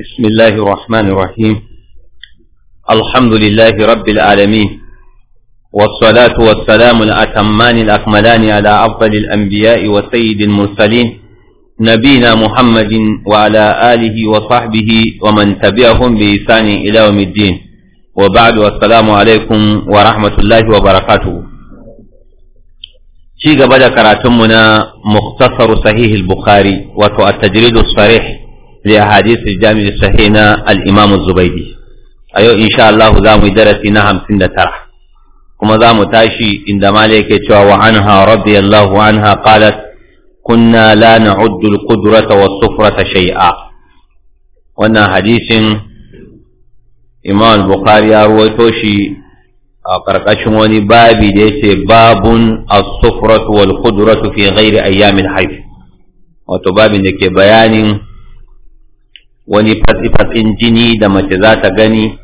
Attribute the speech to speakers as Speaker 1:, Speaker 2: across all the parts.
Speaker 1: بسم الله الرحمن الرحيم الحمد لله رب العالمين والصلاة والسلام الأتمان الأكملان على أفضل الأنبياء وسيد المرسلين نبينا محمد وعلى آله وصحبه ومن تبعهم بإحسان إلى يوم الدين وبعد والسلام عليكم ورحمة الله وبركاته شيء قبل كراتمنا مختصر صحيح البخاري وتو التجريد الصريح لأحاديث الجامع الصحيح الإمام الزبيدي أيو إن شاء الله زام درسنا همسين ترى كما زام تاشي إن دمالك وعنها رضي الله عنها قالت كنا لا نعد القدرة والصفرة شيئا وانا حديث إمام البخاري أرويتوشي a ƙarƙashin wani babi da yace babun as-sufratu wal qudratu fi ghairi ayyamin hayf wato babin da ke bayanin wani fasifasin jini da mace za ta gani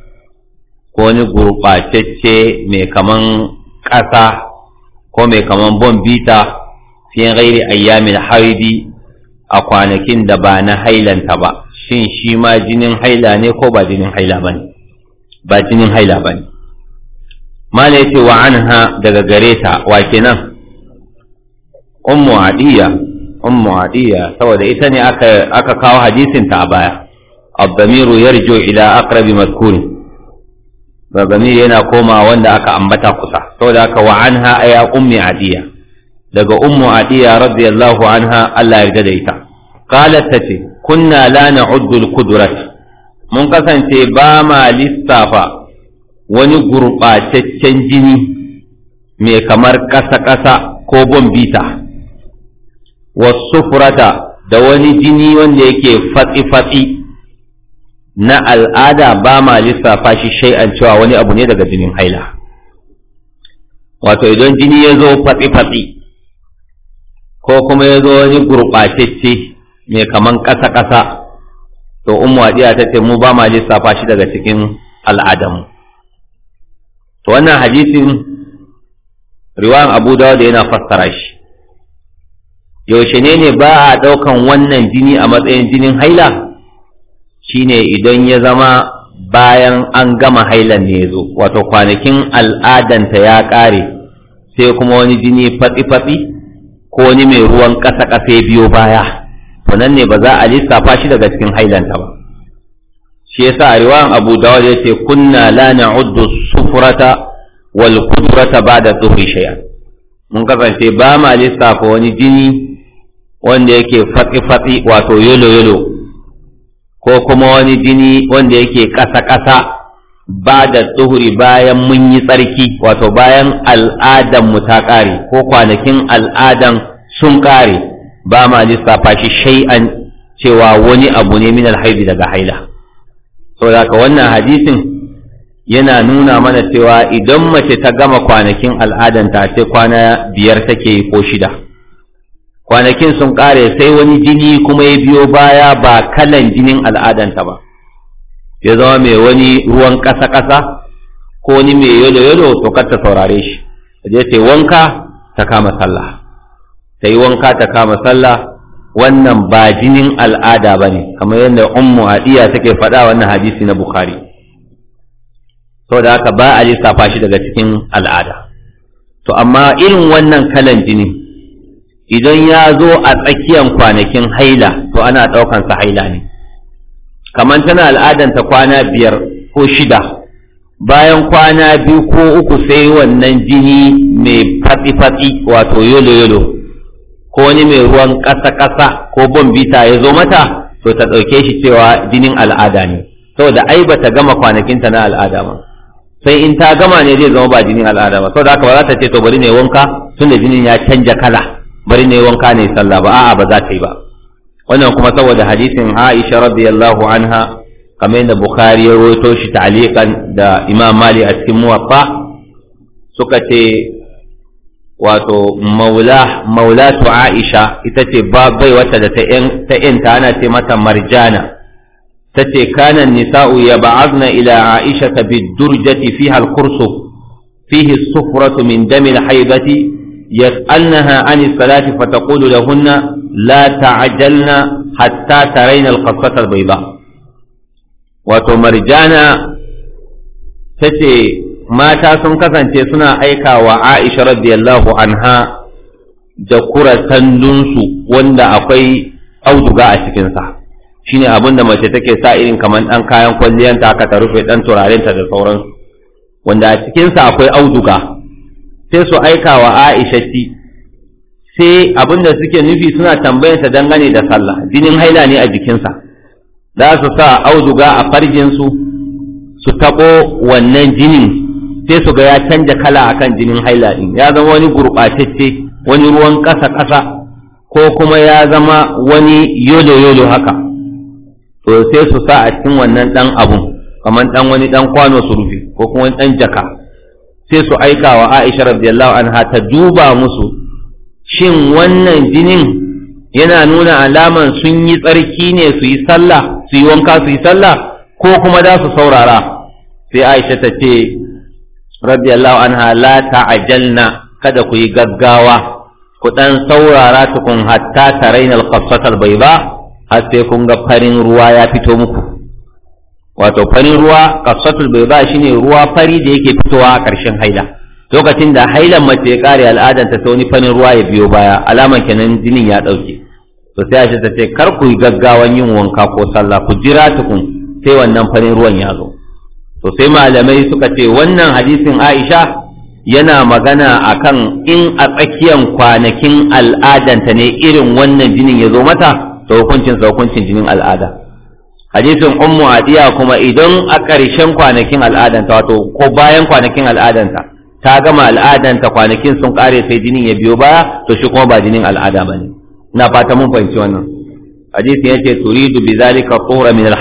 Speaker 1: ko wani gurɓatacce mai kaman ƙasa ko mai kaman bombita fiye gairi ayyamin haidi a kwanakin da ba na hailanta ba shin shi ma jinin haila ne ko ba jinin haila ba ne ba jinin haila ba ne mala yace wa anha daga gare ta wa kenan ummu adiya ummu adiya saboda ita ne aka aka kawo hadisin ta a baya الضمير يرجع إلى أقرب مذكور ضمير yana koma wanda aka ambata kusa saboda haka wa anha ay ummi adiya daga ummu adiya radiyallahu anha Allah ya da ita qalat tace kunna lana na'uddu al mun kasance ba ma lissafa wani gurɓataccen jini mai kamar kasa-kasa ko bombita wasufurata da wani jini wanda yake fatsi-fatsi na al'ada ba ma lissafa shi shai'an cewa wani abu ne daga jinin haila wato idan jini ya zo fatsi-fatsi ko kuma ya zo wani gurɓatacce mai kaman ƙasa-ƙasa to umu ta ce mu ba ma lissafa shi daga cikin al'adamu to wannan hadisin riwayan abu dawud yana fassara shi yaushe ne ba a ɗaukan wannan jini a matsayin jinin haila shine idan ya zama bayan an gama hailan ne zo wato kwanakin al'adanta ya ƙare sai kuma wani jini fatsi-fatsi ko wani mai ruwan ƙasa-ƙafe biyo baya wannan ne ba za a lissafa shi daga cikin hailanta ba shi yasa a riwayan abu dawud ya ce kunna la na'uddu sufurata wal qudrata ba'da tuhri shay'a mun kasance ba ma lissafa wani jini wanda yake fatsi fatsi wato yolo yolo ko kuma wani jini wanda yake ƙasa-ƙasa ba da tsuhuri bayan mun yi tsarki wato bayan al'adan mu ta ƙare ko kwanakin al'adan sun ƙare ba ma lissafa shi shay'an cewa wani abu ne min alhaidi daga haila saboda wannan hadisin yana nuna mana cewa idan mace ta gama kwanakin al'adanta sai kwana biyar take ko shida kwanakin sun kare sai wani jini kuma ya biyo baya ba kalan jinin al'adanta ba ya zama mai wani ruwan ƙasa-ƙasa ko wani mai yalo-yalo to kar ta saurare shi je ta wanka ta kama sallah ta yi wanka ta kama sallah wannan ba jinin al'ada ba ne kamar yadda ummu hadiya take faɗa wannan hadisi na bukhari saboda haka ba a lissafa shi daga cikin al'ada to amma irin wannan kalan jinin. idan ya zo a tsakiyan kwanakin haila to ana ɗaukansa haila ne kamar tana ta kwana biyar ko shida bayan kwana biyu ko uku sai wannan jini mai fatsi-fatsi wato yolo-yolo ko wani mai ruwan ƙasa-ƙasa ko bombita ya zo mata to ta ɗauke shi cewa jinin al'ada ne saboda ai ba ta gama ta na al'ada ba sai in ta gama ne zai zama ba jinin al'ada ba saboda haka ba za ta ce to bari ne wanka tunda jinin ya canja kala bari ne wanka ne sallah ba a'a ba za ta yi ba wannan kuma saboda hadisin Aisha radiyallahu anha kamar da Bukhari ya rawaito shi ta'liqan da Imam mali a cikin Muwaffa suka ce wato maula maulatu aisha ita ce bai wata da ta yanta ana ce mata marjana tace ce kana nisa'u ya ba'azna ila aisha ta bi durjati fiha al-kursu fihi sufratu min damin haidati yas'alnaha 'ani salati fataqulu lahunna la ta'jalna hatta tarayna al-qassata al-bayda wato marjana tace mata sun kasance suna aika wa Aisha radiyallahu anha da kuratan dunsu wanda akwai auduga a cikinsa shine abin da mace take sa irin kamar ɗan kayan kwalliyar taka ta rufe ɗan turarenta da sauransu wanda a cikinsa akwai auduga sai su aika wa Aisha ci sai abin da suke nufi suna tambayarsa dangane da sallah jinin haila ne a jikinsa za su sa auduga a farjinsu su taɓo wannan jinin sai su ga ya canja kala akan jinin haila din ya zama wani gurɓatacce wani ruwan ƙasa-ƙasa ko kuma ya zama wani yolo-yolo haka to sai su sa a cikin wannan ɗan abun kamar ɗan wani ɗan kwano su rufe ko kuma dan jaka sai su aika wa Aisha radiyallahu anha ta duba musu shin wannan jinin yana nuna alaman sun yi tsarki ne su yi sallah su yi wanka su yi sallah ko kuma za su saurara sai Aisha ta ce radiyallahu anha la ta'ajjalna kada ku yi gaggawa ku dan saurara tukun hatta tarainal qassatal bayda har sai kun ga farin ruwa ya fito muku wato farin ruwa kafsatul bai ba shine ruwa fari da yake fitowa a ƙarshen haila lokacin da hailan mace ya kare al'adan ta wani farin ruwa ya biyo baya alaman kenan jinin ya ɗauke to sai ashe ta ce kar ku yi gaggawan yin wanka ko sallah ku jira tukun sai wannan farin ruwan ya zo to sai malamai suka ce wannan hadisin Aisha yana magana akan in a tsakiyan kwanakin al'adanta ne irin wannan jinin ya zo mata to hukuncin hukuncin jinin al'ada hadisin ummu adiya kuma idan a ƙarshen kwanakin al'adanta wato ko bayan kwanakin al'adanta ta gama al'adanta kwanakin sun ƙare sai jinin ya biyo baya to shi kuma ba jinin al'ada bane ina fata mun fahimci wannan hadisin yace turidu bi zalika tuhra min al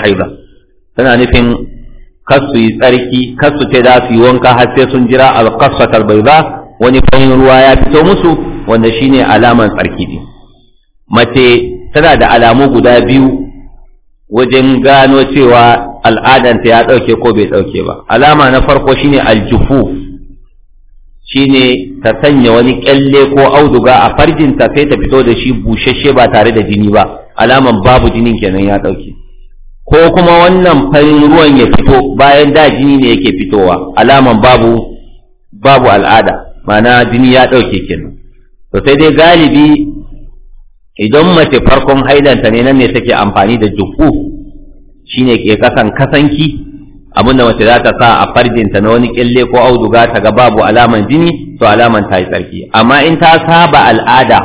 Speaker 1: tana nufin kasu yi tsarki kasu ce za su yi wanka har sai sun jira al-qaswat al-bayda wani fahimin ruwa ya fito musu wanda shine alaman tsarki ne mace tana da alamu guda biyu wajen gano cewa al'adanta ya ɗauke ko bai ɗauke ba alama na farko shine aljufu shine ta sanya wani kyalle ko auduga a farjinta sai ta fito da shi bushashe ba tare da jini ba alaman babu jinin kenan ya ɗauke ko kuma wannan farin ruwan ya fito bayan da jini ne yake fitowa alaman babu babu al'ada ma'ana jini ya ɗauke kenan to sai dai galibi idan mace farkon haidanta ne nan ne take amfani da jukku shine ke kasan kasanki abin da mace za ta sa a farjinta na wani kyalle ko auduga ta ga babu alaman jini to alaman ta yi tsarki amma in ta saba al'ada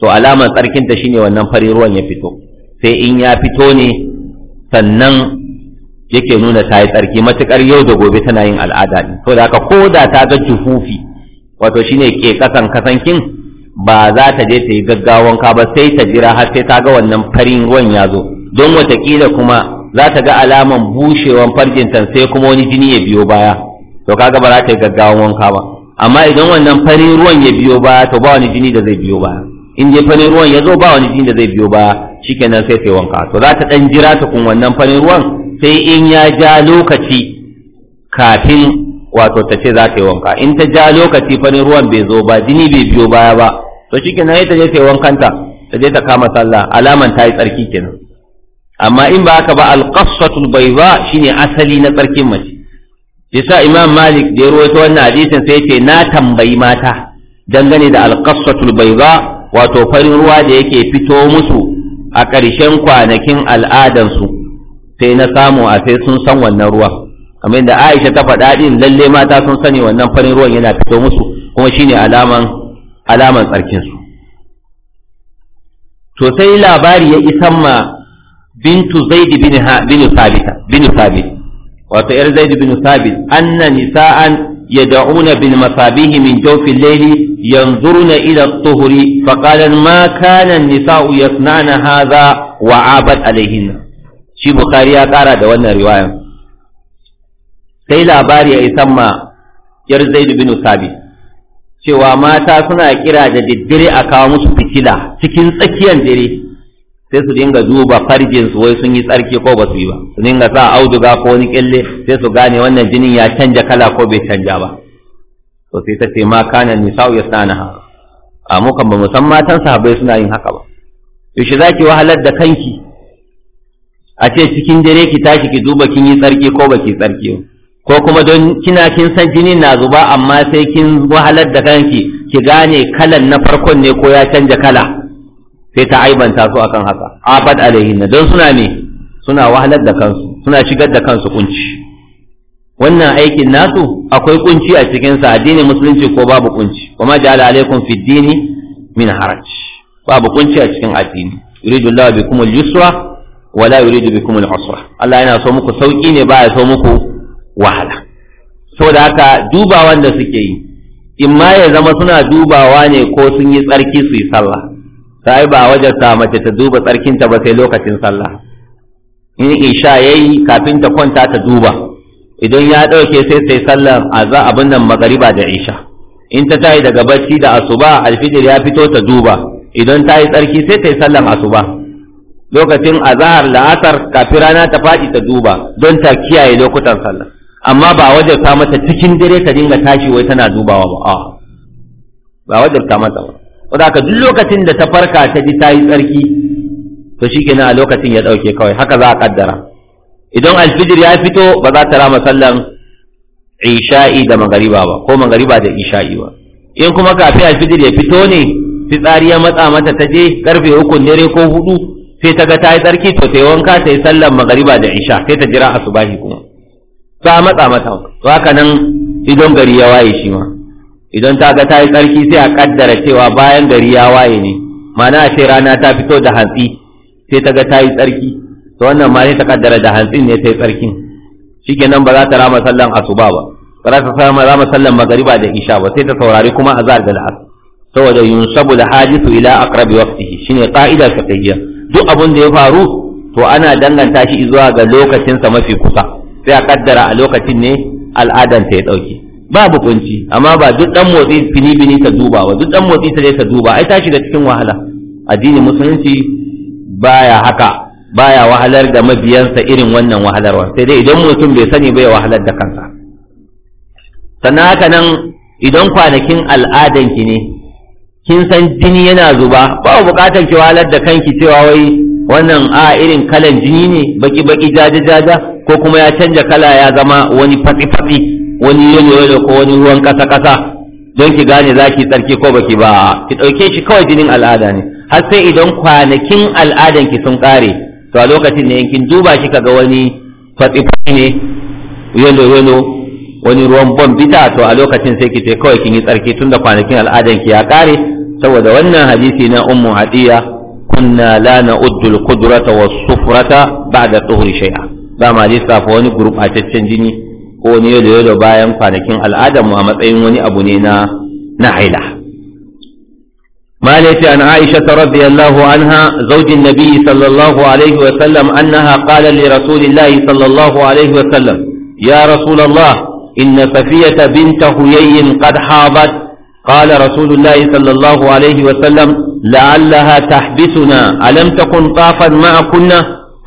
Speaker 1: to alaman tsarkinta shine wannan fari ruwan ya fito sai in ya fito ne sannan yake nuna ta yi tsarki matukar yau da gobe tana yin al'ada ne to da haka ko da ta ga jufufi wato shine ke kasan kasankin ba za ta je ta yi gaggawan ka ba sai ta jira har sai ta ga wannan farin ruwan ya zo don watakila kuma za ta ga alaman bushewan farjinta sai kuma wani jini ya biyo baya to kaga ba za ta yi gaggawan wanka ba amma idan wannan farin ruwan ya biyo baya to ba wani jini da zai biyo baya in je farin ruwan ya zo ba wani jini da zai biyo baya shikenan sai ta wanka to za ta dan jira ta kun wannan farin ruwan sai in ya ja lokaci kafin wato ta ce za ta yi wanka in ta ja lokaci farin ruwan bai zo ba jini bai biyo baya ba to shikenan sai ta je ta yi wankanta ta je ta kama sallah alaman ta yi tsarki kenan amma in ba haka ba alqasatul bayda shine asali na tsarkin mace yasa imam malik da ya ta wannan hadisin sai ce na tambayi mata dangane da alqasatul bayda wato farin ruwa da yake fito musu a ƙarshen kwanakin al'adansu sai na samu a sai sun san wannan ruwan kamar da Aisha ta faɗa ɗin lalle mata sun sani wannan farin ruwan yana fito musu kuma shine alaman alaman tsarkinsu. to sai labari ya isan ma bintu Zaid bin ha bin Thabit bin Thabit wato yar bin Thabit anna nisa'an yad'una bil masabih min jawfi layli yanzuruna ila at-tuhri faqalan ma kana an-nisa'u yasna'na hadha wa shi bukhari ya kara da wannan riwayar sai labari ya isan ma yar zaidu bin sabi cewa mata suna kira da diddire a kawo musu fitila cikin tsakiyar dare sai su dinga duba farjin su wai sun yi tsarki ko ba su yi ba su dinga sa auduga ko wani kyalle sai su gane wannan jinin ya canja kala ko bai canja ba to sai ta ce ma kana nisa'u yasnaha a mukan ba musamman matan sahabbai suna yin haka ba yaushe za ki wahalar da kanki a ce cikin dare ki tashi ki duba kin yi tsarki ko baki tsarki ko kuma don kina kin san jini na zuba amma sai kin wahalar da kanki ki gane kalan na farkon ne ko ya canja kala sai ta aibanta su akan haka abad na. don suna ne suna wahalar da kansu suna shigar da kansu kunci wannan aikin nasu akwai kunci a cikin sa addinin musulunci ko babu kunci kuma ja'ala alaikum fi dini min haraj babu kunci a cikin addini yuridu llahu bikum al-yusra wala yuridu bikum al-usra Allah yana so muku sauki ne ba ya so muku wahala saboda haka dubawan da suke yi in ma ya zama suna dubawa ne ko sun yi tsarki su yi sallah sai ba a wajen mace ta duba tsarkinta ba sai lokacin sallah in isha ya yi kafin ta kwanta ta duba idan ya ɗauke sai sai sallah, a za abin nan magariba da isha in ta tayi daga bacci da asuba alfijir ya fito ta duba idan ta yi tsarki sai ta yi sallar asuba lokacin azahar la'asar kafin rana ta faɗi ta duba don ta kiyaye lokutan sallah amma ba ta mata cikin dare ka dinga tashi wai tana dubawa ba a ba ta mata ba ka duk lokacin da ta farka ta ji ta yi tsarki to shikenan a lokacin ya dauke kawai haka za a kaddara idan alfijir ya fito ba za ta rama sallan isha'i da magariba ba ko magariba da isha'i ba in kuma kafin alfijir ya fito ne fitsari ya matsa mata ta je karfe uku dare ko hudu sai ta ga ta yi tsarki to ta wanka ta yi sallan magariba da isha sai ta jira asubahi kuma ba matsa mata to haka nan idan gari ya waye shi ma idan ta ga ta yi tsarki sai a kaddara cewa bayan gari ya waye ne ma'ana a ce rana ta fito da hantsi sai ta ga ta yi tsarki to wannan ma ne ta kaddara da hantsin ne ta yi tsarkin shikenan ba za ta rama sallan asuba ba ba za ta rama sallan magariba da isha ba sai ta saurari kuma azar da la'as saboda yunsabu da hadisu ila aqrabi waqtihi shine qa'ida fiqhiyya duk abin da ya faru to ana danganta shi zuwa ga lokacinsa mafi kusa sai a kaddara a lokacin ne al'adan ta ya dauke babu kunci amma ba duk dan motsi fini ta duba wa duk dan motsi ta ta duba ai ta shiga cikin wahala addini musulunci baya haka baya wahalar da mabiyansa irin wannan wahalarwa sai dai idan mutum bai sani bai wahalar da kansa sannan haka nan idan kwanakin ki ne kin san jini yana zuba ba bukatar ki wahalar da kanki cewa wai wannan a irin kalan jini ne baki baki jaja jaja ko kuma ya canja kala ya zama wani fatsi-fatsi wani yalo ko wani ruwan kasa-kasa don ki gane za ki tsarki ko baki ba ki ɗauke shi kawai jinin al'ada ne har sai idan kwanakin al'adan ki sun ƙare to a lokacin ne kin duba shi kaga wani fatsi-fatsi ne yalo wani ruwan bita, to a lokacin sai ki ce kawai kin yi tsarki tunda kwanakin al'adan ki ya ƙare saboda wannan hadisi na ummu hadiya kunna la na'uddu al-qudrata was-sufrata da tuhri shay'a za ma lissafa wani gurɓataccen jini ko wani yau da yau da bayan kwanakin al'adar mu a matsayin wani abu ne na na haila مالك عن عائشة رضي الله عنها زوج النبي صلى الله عليه وسلم أنها قال لرسول الله صلى الله عليه وسلم يا رسول الله إن صفية بنت هيي قد حاضت قال رسول الله صلى الله عليه وسلم لعلها تحبسنا ألم تكن طافا معكن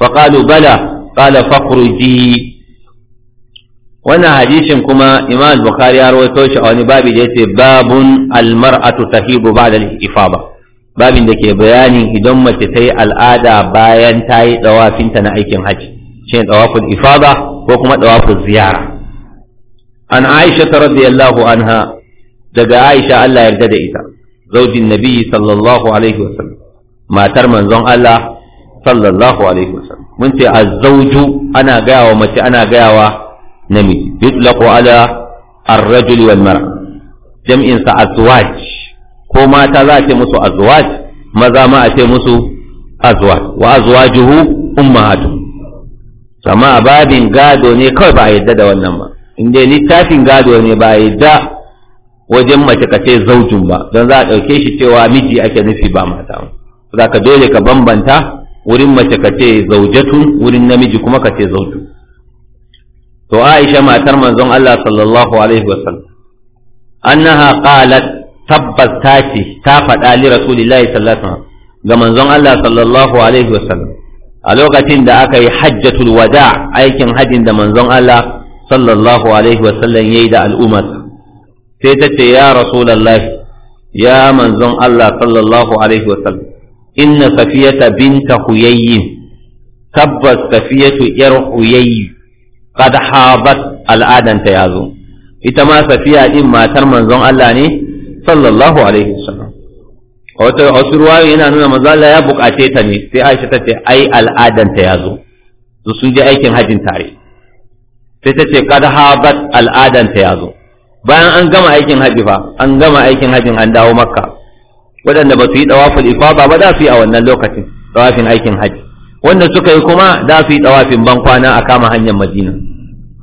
Speaker 1: فقالوا بلى qala fakhruji wannan hadisin kuma imam bukhari ya rawaito shi a wani babi da yace babun almar'atu tahibu ba'da al-ifaba babin da ke bayanin idan mace ta yi al'ada bayan ta yi dawafinta na aikin haji shi dawaful ifada ko kuma dawaful ziyara an aisha ta radiyallahu anha daga aisha Allah yarda da ita zaujin nabi sallallahu alaihi wasallam matar manzon Allah sallallahu alaihi wasallam mun ce a zauju ana gaya wa mace ana gaya wa namiji yutlaqu ala ar-rajul wal mar'a jam'in sa azwaj ko mata za a ce musu azwaj maza ma a ce musu azwaj wa azwajuhu ummahatu sama babin gado ne kawai ba a yadda da wannan ba in dai littafin gado ne ba a yadda wajen mace ka ce zaujin ba don za a ɗauke shi cewa miji ake nufi ba mata ba za ka dole ka bambanta wurin mace ka ce zaujatu, wurin namiji kuma ka ce zauju to aisha matar manzon Allah sallallahu alaihi wasallam annaha qalat tabbas ta ce ta faɗa li rasulillahi sallallahu alaihi ga manzon Allah sallallahu alaihi wasallam a lokacin da aka yi hajjatul wada aikin hajjin da manzon Allah sallallahu alaihi wasallam yayi da al'ummar sai ta ce ya rasulullahi ya manzon Allah sallallahu alaihi wasallam inna safiyata binta huyayyin tabbas safiyatu yar huyayyi qad habat al'adanta ya zo ita ma safiya din matar manzon Allah ne sallallahu alaihi wasallam A wasu ruwayoyi yana nuna manzon Allah ya bukace ta ne sai Aisha ta ce ai al'adanta ya zo su sun je aikin hajjin tare sai ta ce qad habat al'adanta ya zo bayan an gama aikin hajji fa an gama aikin hajjin an dawo makka waɗanda ba su yi tawaful ifaba ba da su yi a wannan lokacin tawafin aikin hajji. wanda suka yi kuma da su yi tawafin kwana a kama hanyar madina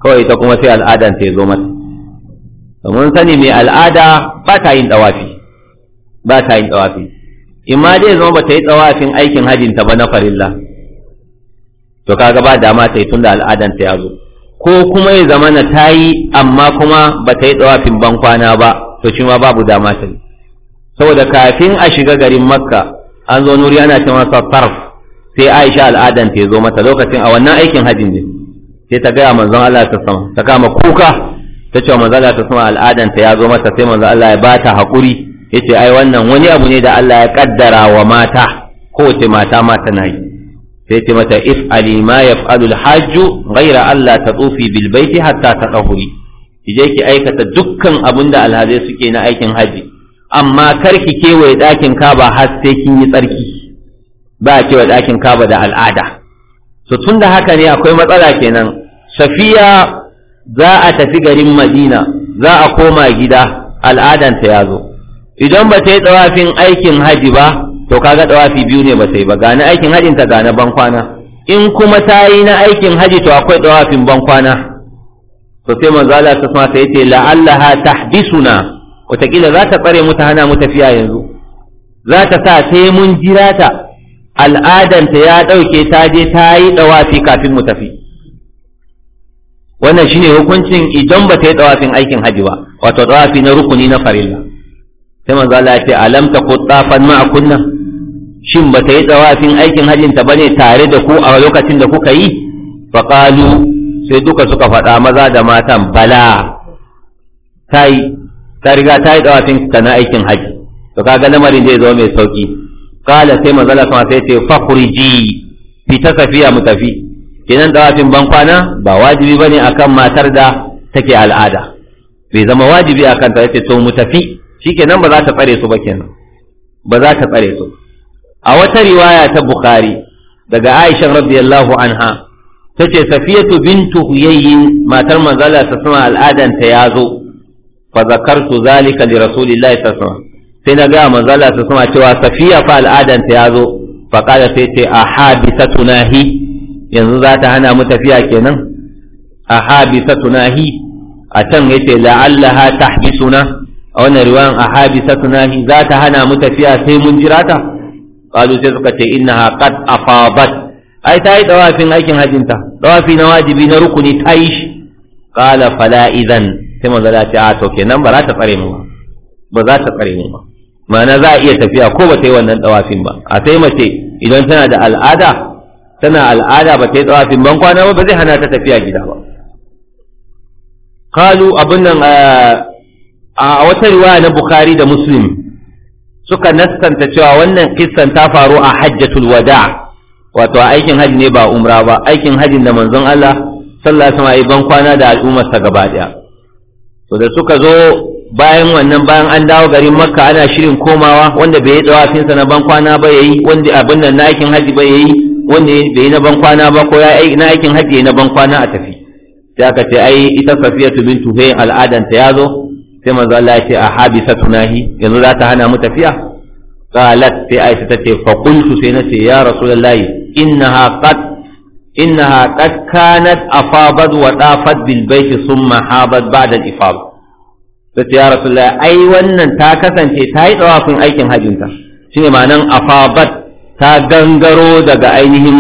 Speaker 1: kawai ita kuma sai al'adan ta zo mata mun sani mai al'ada ba ta yin tawafi ba ta yin tawafi imma dai zama ba ta yi tawafin aikin ta ba na farilla to kaga ba dama ta yi tunda al'adan ta ya zo ko kuma ya zama na ta yi amma kuma ba ta yi tawafin kwana ba to shi ma babu dama ta yi saboda kafin a shiga garin makka an zo nuri ana cewa masa sai aisha al'adan ta zo mata lokacin a wannan aikin hajjin ne sai ta gaya manzon Allah ta sama ta kama kuka ta ce manzon Allah ta sama al'adan ta ya zo mata sai manzon Allah ya bata hakuri yace ai wannan wani abu ne da Allah ya kaddara wa mata kowace mata ma tana yi sai ce mata if'ali ma yaf'alu al-hajju ghaira Allah ta bil baiti hatta ta kije ki je ki aikata dukkan abinda alhazai suke na aikin haji amma karki kewaye ɗakin kaba har sai kin yi tsarki ba a kewaye ɗakin kaba da al'ada to tun da haka ne akwai matsala kenan safiya za a tafi garin madina za a koma gida al'adanta ya zo idan ba ta yi tsawafin aikin haji ba to kaga tsawafi biyu ne ba ta yi ba gane aikin hajinta gane bankwana in kuma ta yi na aikin haji to akwai tsawafin bankwana to sai manzala ta sama ta yace la'allaha tahdisuna wataƙila za ta tsare mu ta hana mu tafiya yanzu za ta sa sai mun jira ta al'adanta ya ɗauke ta je ta yi ɗawafi kafin mu tafi wannan shine hukuncin idan ba ta yi ɗawafin aikin hajji ba wato ɗawafi na rukuni na farilla sai manzo Allah ya ce alam ta kuttafan ma'a kunna shin ba ta yi ɗawafin aikin hajjin ta bane tare da ku a lokacin da kuka yi fa qalu sai duka suka faɗa maza da matan bala ta yi ta riga ta yi dawafin ta na aikin haji to kaga lamarin zai zama mai sauki kala sai manzala sama sai ce fakhriji fita safiya mu tafi dawafin ban kwana ba wajibi bane akan matar da take al'ada bai zama wajibi akan ta yace to mu tafi shikenan ba za ta tsare su ba kenan ba za ta tsare su a wata riwaya ta bukhari daga aisha radiyallahu anha tace safiyatu bintu huyayyin matar manzala ta sama al'adan ya zo fa zakartu zalika li rasulillahi sallallahu alaihi wasallam sai na ga manzo Allah sallallahu alaihi cewa safiya fa al'adan ta yazo fa qala sai ce ahabisatuna hi yanzu za ta hana mu tafiya kenan ahabisatuna hi a can yace la'allaha tahbisuna a wannan riwayan ahabisatuna hi za ta hana mu tafiya sai mun jira ta qalu sai suka ce innaha qad afadat ai ta yi dawafin aikin hajjinta dawafi na wajibi na rukuni ta yi shi qala fala idan sai manzo Allah ce a to kenan ba za ta tsare mu ba za ta tsare mu ba ma'ana za a iya tafiya ko ba ta yi wannan tawafin ba a sai mace idan tana da al'ada tana al'ada ba ta yi tawafin ban kwana ba ba zai hana ta tafiya gida ba kalu abin nan a wata riwaya na bukhari da muslim suka naskanta cewa wannan kissan ta faru a hajjatul wada wato a aikin haji ne ba umra ba aikin hajin da manzon Allah sallallahu alaihi wasallam ban kwana da sa gaba daya to da suka zo bayan wannan bayan an dawo garin makka ana shirin komawa wanda bai yi tsawafinsa na bankwana ba yayi wanda abin nan na aikin haji ba yayi wanda bai yi na bankwana ba ko na aikin haji na bankwana a tafi sai aka ce ai ita safiyatu bintu hayyin al'adanta ya zo sai manzo Allah ya ce a habisa tunahi yanzu za ta hana mu tafiya qalat sai aisha ce fa qultu sai ce ya rasulullahi innaha qad إنها قد كانت أفاضت وطافت بالبيت ثم حابت بعد الإفاضة قلت يا رسول الله أي ونن تاكسا تاي طواف أيكم هجنتا شنو معنى أفاضت تاغنغرو دغا أينهم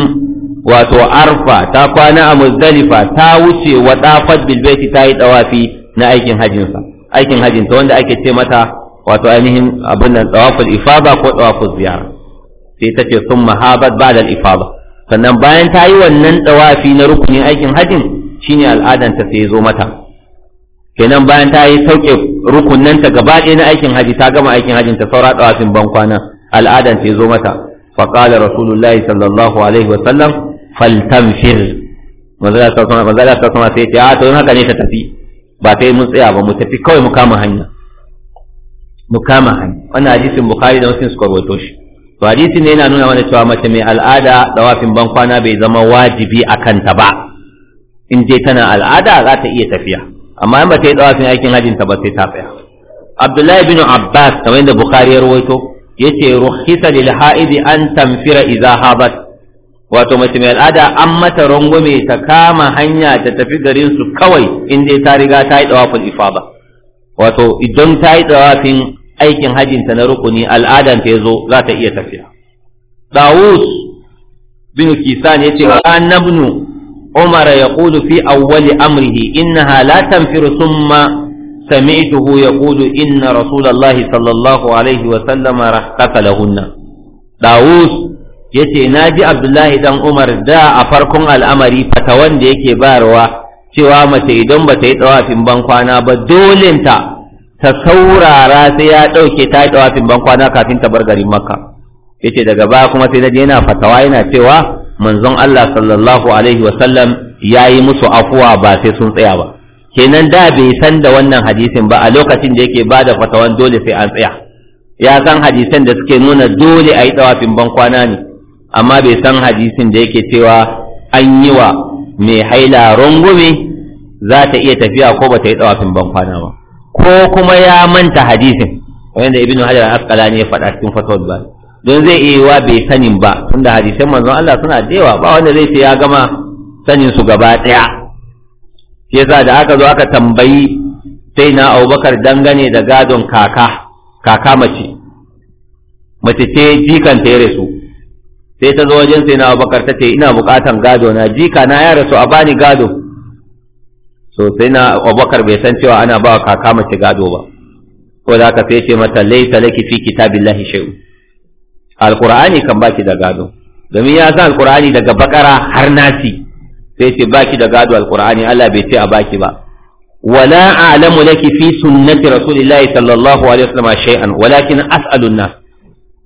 Speaker 1: wato arfa ta kwana a muzdalifa ta wuce wa tafat bilbeti ta yi na aikin hajjinsa aikin hajjinta wanda ake ce mata wato ainihin abin nan tawaful ifada ko tawaful ziyara sai ta ce sun mahabat ba da ifada sannan bayan ta yi wannan dawafi na rukunin aikin hajjin shine al'adanta sai zo mata kenan bayan ta yi sauke rukunanta gaba ɗaya na aikin haji ta gama aikin hajjin ta saura dawafin ban kwana al'adan ya zo mata fa qala rasulullahi sallallahu alaihi wa sallam faltamshir manzala ta sama manzala ta sama sai ta a ah, to haka ne ta tafi ba sai mun tsaya ba mu tafi kawai mu kama hanya mu kama hanya wannan hadisin bukhari da muslim suka rawaito shi to hadisin ne yana nuna mana cewa mace mai al'ada dawafin ban kwana bai zama wajibi a kanta ba in je tana al'ada za ta iya tafiya amma in ba ta yi dawafin aikin hajjin ta ba sai ta tsaya Abdullahi bin Abbas kamar yadda Bukhari ya rawaito yace rukhisa lil ha'idi an tamfira idza habat wato mace mai al'ada an mata rangwame ta kama hanya ta tafi garin su kawai in dai ta riga ta yi dawafin ifada wato idan ta yi dawafin aikin hajjinta na rukuni al'adan ta zo za ta iya tafiya dawus bin kisan yace wa annabnu umar yaqulu fi awwali amrihi innaha la tanfiru thumma sami'tuhu yaqulu inna rasulallahi sallallahu alaihi wa sallama rakkata lahunna dawus yace naji abdullahi dan umar da a farkon al'amari fatawan da yake bayarwa cewa mace idan bata yi tsawafin bankwana kwana ba dolinta ta saurara sai ya ɗauke ta yi ɗawafin ban kwana kafin ta bar garin makka yace daga baya kuma sai naje yana fatawa yana cewa manzon Allah sallallahu alaihi wasallam yayi musu afuwa ba sai sun tsaya ba kenan da bai san da wannan hadisin ba a lokacin da yake bada fatawan dole sai an tsaya ya san hadisan da suke nuna dole a yi tsawafin ban kwana ne amma bai san hadisin da yake cewa an yi wa mai haila rungume za ta iya tafiya ko ba ta yi tsawafin ban kwana ba ko kuma ya manta hadisin wanda ibn hajar asqalani ya faɗa cikin fatawar ba don zai iya wa bai sanin ba tunda hadisan manzo Allah suna da yawa ba wanda zai ce ya gama sanin su gaba ɗaya yasa da aka zo aka tambayi sai na Abubakar dangane da gadon kaka kaka mace mace ce jikan ta ya rasu sai ta zo wajen sai na Abubakar ta ce ina bukatan gado na jika na ya rasu a bani gado so sai na abubakar bai san cewa ana ba kaka mace gado ba ko da ka fece mata laisa laki fi kitabillahi shay'u alqur'ani kan baki da gado domin ya san alqur'ani daga bakara har nasi sai ce baki da gado alqur'ani Allah bai ce a baki ba wala a'lamu laki fi sunnati rasulillahi sallallahu alaihi wasallam shay'an walakin as'alu an-nas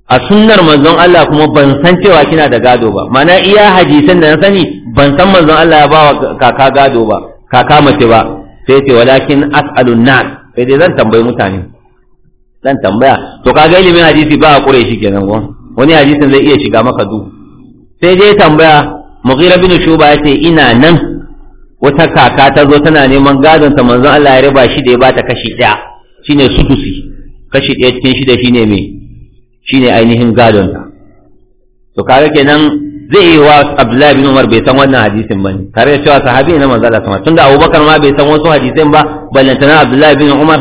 Speaker 1: a sunnar manzon Allah kuma ban san cewa kina da gado ba mana iya hadisan da na sani ban san manzon Allah ya bawa kaka gado ba kama ce ba sai ce walakin as'alun nas sai dai zan tambayi mutane zan tambaya to kaga ilimin hadisi ba a kure shi kenan ko wani hadisin zai iya shiga maka du sai dai tambaya mughira bin shuba yace ina nan wata kaka ta zo tana neman gadon ta manzon Allah ya riba shi da ya bata kashi daya shine sudusi kashi daya cikin shida shine me shine ainihin gadon ta to kaga kenan zai yi wa abdullahi bin umar bai san wannan hadisin ba ne tare da cewa sahabi na manzo Allah sama tunda abubakar ma bai san wasu hadisin ba ballantana abdullahi bin umar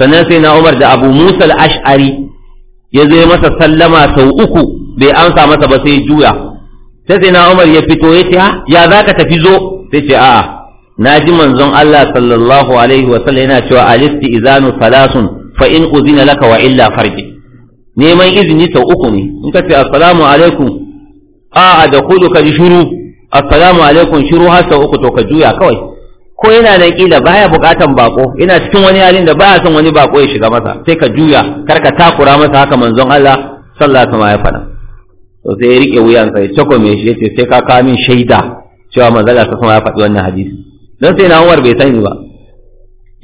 Speaker 1: sannan sai na umar da abu musa al-ash'ari ya zo masa sallama sau uku bai amsa masa ba sai juya sai sai na umar ya fito ya ce ah, ya za ka tafi zo sai ce a'a na ji manzon Allah sallallahu alaihi wa sallam yana cewa alisti izanu salasun fa in uzina laka wa illa farji neman izini sau uku ne in ka ce assalamu alaikum a da kudu ka ji shiru assalamu alaikum shiru har sau uku to ka juya kawai ko yana da kila baya bukatan bako yana cikin wani halin da baya son wani bako ya shiga masa sai ka juya kar ka takura masa haka manzon Allah sallallahu alaihi wasallam ya faɗa to sai ya rike wuyan sai tako me shi yace sai ka kawo min shaida cewa manzon Allah sallallahu alaihi ya faɗi wannan hadisi dan sai na Umar bai sani ba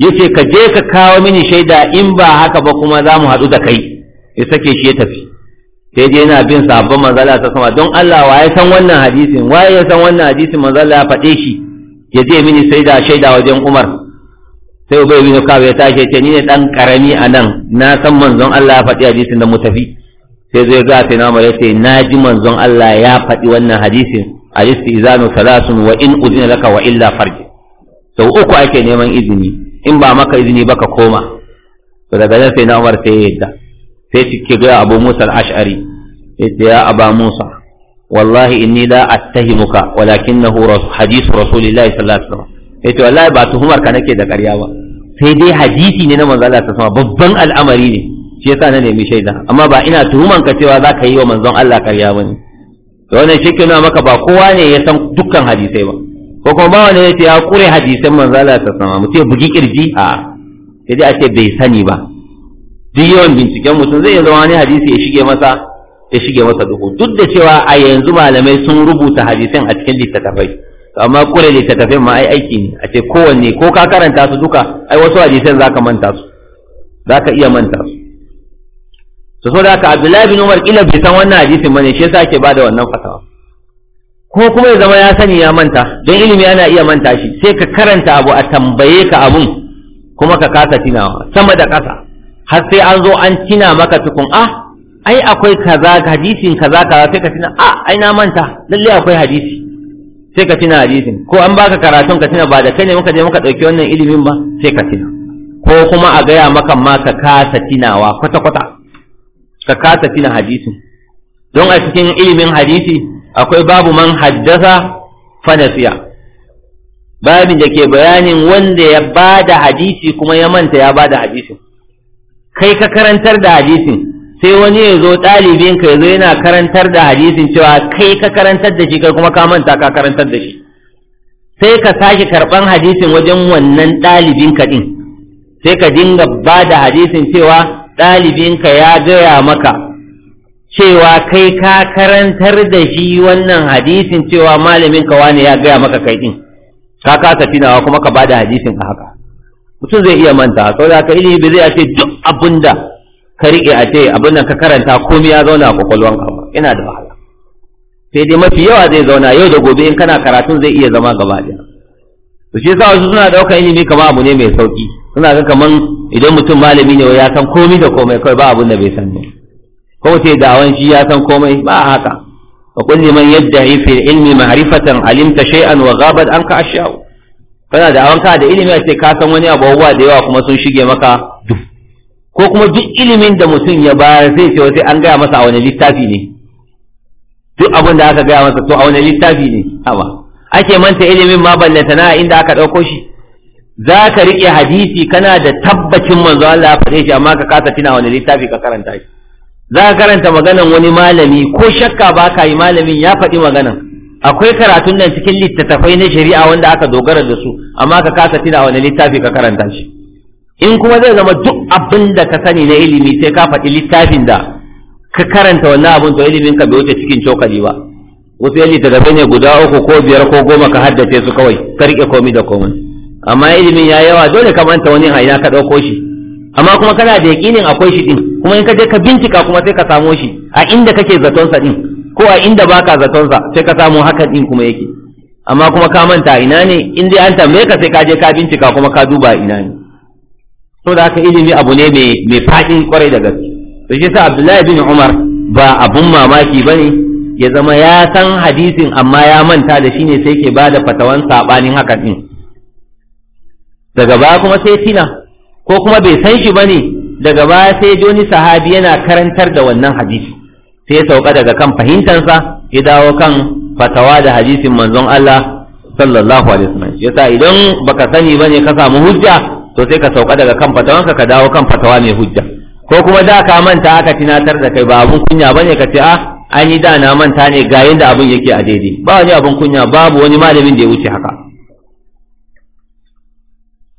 Speaker 1: yace ka je ka kawo mini shaida in ba haka ba kuma za mu haɗu da kai ya sake shi ya tafi sai dai yana bin sabon manzala ta sama don Allah wa san wannan hadisin wa ya san wannan hadisin manzala ya faɗe shi ya je mini sai da shaida wajen Umar sai Ubay bin Ka'ab ya tashi ce ni ne dan karami a nan na san manzon Allah ya faɗi hadisin da mutafi sai zai ga sai na mu ya ce na ji manzon Allah ya faɗi wannan hadisin al-istizanu salasun wa in udina laka wa illa farj sau uku ake neman izini in ba maka izini ba ka koma to daga nan sai na Umar sai ya yadda sai take ga abu musa al-ash'ari yace ya aba musa wallahi inni la attahimuka walakinahu hadithu rasulillahi sallallahu alaihi wasallam yace wallahi ba tuhumar ka nake da ƙarya ba sai dai hadisi ne na manzo Allah ta sama babban al'amari ne shi yasa na nemi shaida amma ba ina tuhuman ka cewa zaka yi wa manzon Allah karya ba ne. to wannan shi ke nuna maka ba kowa ne ya san dukkan hadisai ba ko kuma ba wanda ya ce ya kure hadisan manzo Allah ta sama mutum bugi kirji a sai dai a ce bai sani ba duk yawan binciken mutum zai iya zama wani hadisi ya shige masa ya shige masa duhu duk da cewa a yanzu malamai sun rubuta hadisan a cikin littattafai amma kure littattafai ma ai aiki ne a ce kowanne ko ka karanta su duka ai wasu hadisan zaka manta su zaka iya manta su to so da ka Abdullahi bin Umar kila bai san wannan hadisin bane shi yasa ake bada wannan fatawa ko kuma ya zama ya sani ya manta don ilimi yana iya manta shi sai ka karanta abu a tambaye ka abun kuma ka kasa tunawa sama da kasa har sai an zo an tina maka tukun ah ai akwai kaza hadisin kaza kaza sai ka tina a ah, ai na manta lalle akwai hadisi sai ka tina hadisin ko an baka karatun ka tina ba da kai ne muka je muka dauki wannan ilimin ba sai ka tina ko kuma a gaya maka ma ka kasa tinawa kwata kwata ka kasa tina hadisin don a cikin ilimin hadisi akwai babu man haddasa fanasiya babin da ke bayanin wanda ya bada hadisi kuma ya manta ya bada hadisin kai ka karantar da hadisin sai wani ya zo ɗalibin ka zo yana karantar da hadisin cewa kai ka karantar da shi kai kuma ka manta ka karantar da shi sai ka sake karɓan hadisin wajen wannan ɗalibin ka ɗin sai ka dinga ba da hadisin cewa ɗalibin ka ya gaya maka cewa kai ka karantar da shi wannan hadisin cewa malamin ka wani ya gaya maka kai ɗin ka kasa tunawa kuma ka ba da hadisin ka haka mutum zai iya manta saboda haka ilimi ba zai ce duk abinda ka riƙe a ce abinda nan ka karanta komai ya zauna a kwakwalwanka ba yana da wahala sai dai mafi yawa zai zauna yau da gobe in kana karatun zai iya zama gaba ɗaya to shi yasa wasu suna ɗaukar ilimi kamar abu ne mai sauki suna ga kaman idan mutum malami ne ya san komai da komai kawai ba abin da bai san ne ko sai da'awan shi ya san komai ba haka wa kulli man yadda'i fi ilmi ma'rifatan alimta shay'an wa ghabat anka ashya'u kana da awanka da ilimi a ce ka san wani abubuwa da yawa kuma sun shige maka duk ko kuma duk ilimin da mutum ya bayar zai ce sai an gaya masa a wani littafi ne duk abin da aka gaya masa to a wani littafi ne haba ake manta ilimin ma ballanta na inda aka ɗauko shi za ka riƙe hadisi kana da tabbacin manzo Allah ya faɗe shi amma ka kasa tuna wani littafi ka karanta shi za ka karanta maganan wani malami ko shakka ba ka yi malamin ya faɗi maganan akwai karatun nan cikin littattafai na shari'a wanda aka dogara da su amma ka kasa tuna wani littafi ka karanta shi in kuma zai zama duk abin da ka sani na ilimi sai ka faɗi littafin da ka karanta wannan abin to ilimin ka bai wuce cikin cokali ba wasu yaji daga ne guda uku ko biyar ko goma ka haddace su kawai ka rike komai da komai amma ilimin ya yawa dole ka manta wani haina ka ɗauko shi amma kuma kana da yaƙinin akwai shi ɗin, kuma in ka je ka bincika kuma sai ka samo shi a inda kake zatonsa ɗin, ko a inda baka zatonsa sai ka samu hakan ɗin kuma yake amma kuma ka manta ina ne in dai an tambaye ka sai ka je ka bincika kuma ka duba ina ne so da haka ilimi abu ne mai faɗi kwarai da gaske da shi sa abdullahi bin umar ba abun mamaki ba ne ya zama ya san hadisin amma ya manta da shi ne sai ke ba da fatawan saɓanin haka ɗin daga baya kuma sai tina ko kuma bai san shi ba ne daga baya sai wani sahabi yana karantar da wannan hadisi sai ya sauka daga kan fahimtarsa ya dawo kan fatawa da hadisin manzon Allah sallallahu alaihi wasallam yasa idan baka sani bane ka samu hujja to sai ka sauka daga kan fatawanka ka dawo kan fatawa mai hujja ko kuma da ka manta aka tinatar da kai ba abun kunya bane ka ce a ah, an yi da na manta ne ga yanda abun yake a daidai ba wani abun kunya babu wani malamin da ya wuce haka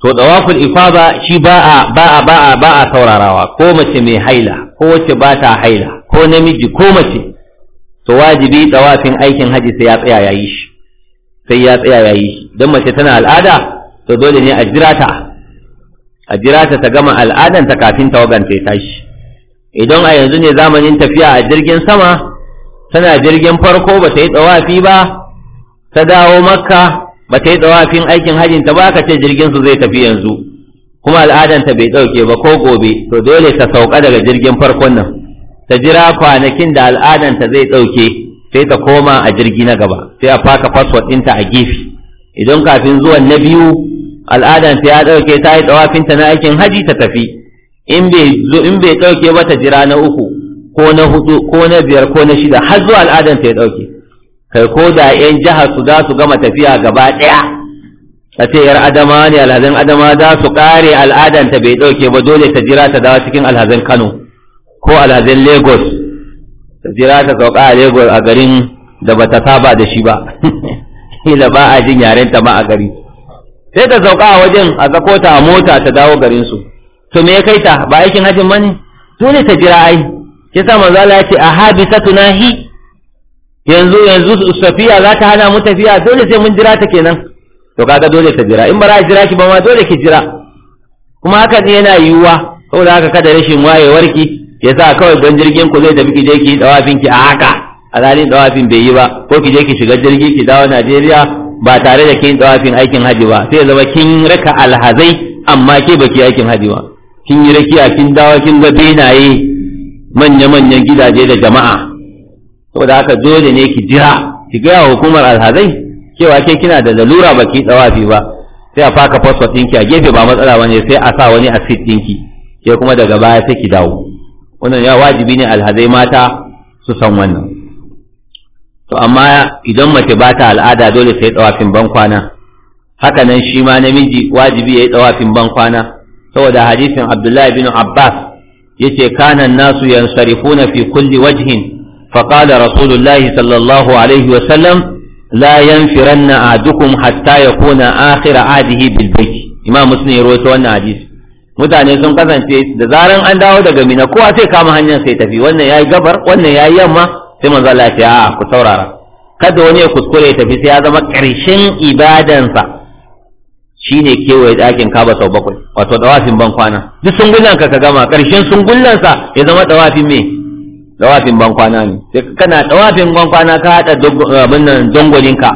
Speaker 1: to dawaful ifada shi ba a ba a ba a ba a saurarawa ko mace mai haila ko wacce ba ta haila ko namiji ko mace to wajibi dawafin aikin haji sai ya tsaya yayi shi sai ya tsaya yayi shi dan mace tana al'ada to dole ne a jira ta a jira ta ta gama al'adan ta kafin tawagan ta tashi idan a yanzu ne zamanin tafiya a jirgin sama tana jirgin farko ba ta yi tsawafi ba ta dawo makka ba ta yi tsawafin aikin hajin ta ba ka ce jirgin su zai tafi yanzu kuma al'adan ta bai dauke ba ko gobe to dole ta sauka daga jirgin farkon nan ta jira kwanakin da al'adan ta zai dauke sai ta koma a jirgi na gaba sai a faka passport ɗinta a gefe idan kafin zuwan na biyu al'adan ta ya dauke ta yi tsawafin ta na aikin haji ta tafi in bai ɗauke bai ba ta jira na uku ko na hudu ko na biyar ko na shida har zuwa al'adan ta ya dauke kai ko da yan jihar su za su gama tafiya gaba daya A ce yar adama ne alhazan adama za su kare al'adan ta bai ɗauke ba dole ta jira ta dawo cikin alhazan Kano ko alhazan Lagos ta jira ta sauka a Lagos a garin da ba ta saba da shi ba kila ba a jin yaren ta ma a gari sai ta sauka a wajen a zako ta a mota ta dawo garin su to me ya kai ta ba aikin hajjin bane dole ta jira ai sa manzo Allah ya ce a habisatu yanzu yanzu safiya za ta hana mu tafiya dole sai mun jira ta kenan to kaga dole ta jira in ba za a jira ki ba ma dole ki jira kuma haka ne yana yiwuwa saboda haka kada rashin wayewar ki sa kawai ban jirgin ku zai tafi ki je ki dawafin ki a haka alhalin dawafin bai yi ba ko ki je ki shiga jirgi ki dawo Najeriya ba tare da kin tsawafin aikin haji ba sai zama kin raka alhazai amma ke baki aikin haji ba kin yi rakiya kin dawo kin ga benaye manya manyan gidaje da jama'a saboda haka dole ne ki jira ki ga hukumar alhazai cewa ke kina da lalura baki tsawafi ba sai a faka passport ɗinki a gefe ba matsala bane sai a sa wani a seat ɗinki ke kuma daga baya sai ki dawo wannan ya wajibi ne alhazai mata su san wannan to amma idan mace ba ta al'ada dole sai tsawafin ban kwana haka nan shi ma namiji wajibi ya yi tsawafin ban kwana saboda hadisin abdullahi bin abbas yace kana nasu yansarifuna fi kulli wajhin فقال رسول الله صلى الله عليه وسلم لا ينفرن أحدكم حتى يكون آخر عهده بالبيت إمام مسلم يروي wannan hadisi mutane sun kasance da zaran an dawo daga mina kowa sai kama hanyar sai tafi wannan yayi gabar wannan yayi yamma sai manzo Allah ya ce a ku saurara kada wani ya kuskure ya tafi sai ya zama ƙarshen ibadansa shine kewaye ɗakin kaba sau bakwai wato dawafin ban kwana duk sun ka ka gama ƙarshen sa ya zama dawafin me dawafin ban kwana ne sai kana dawafin ban kwana ka hada abin nan dangolin ka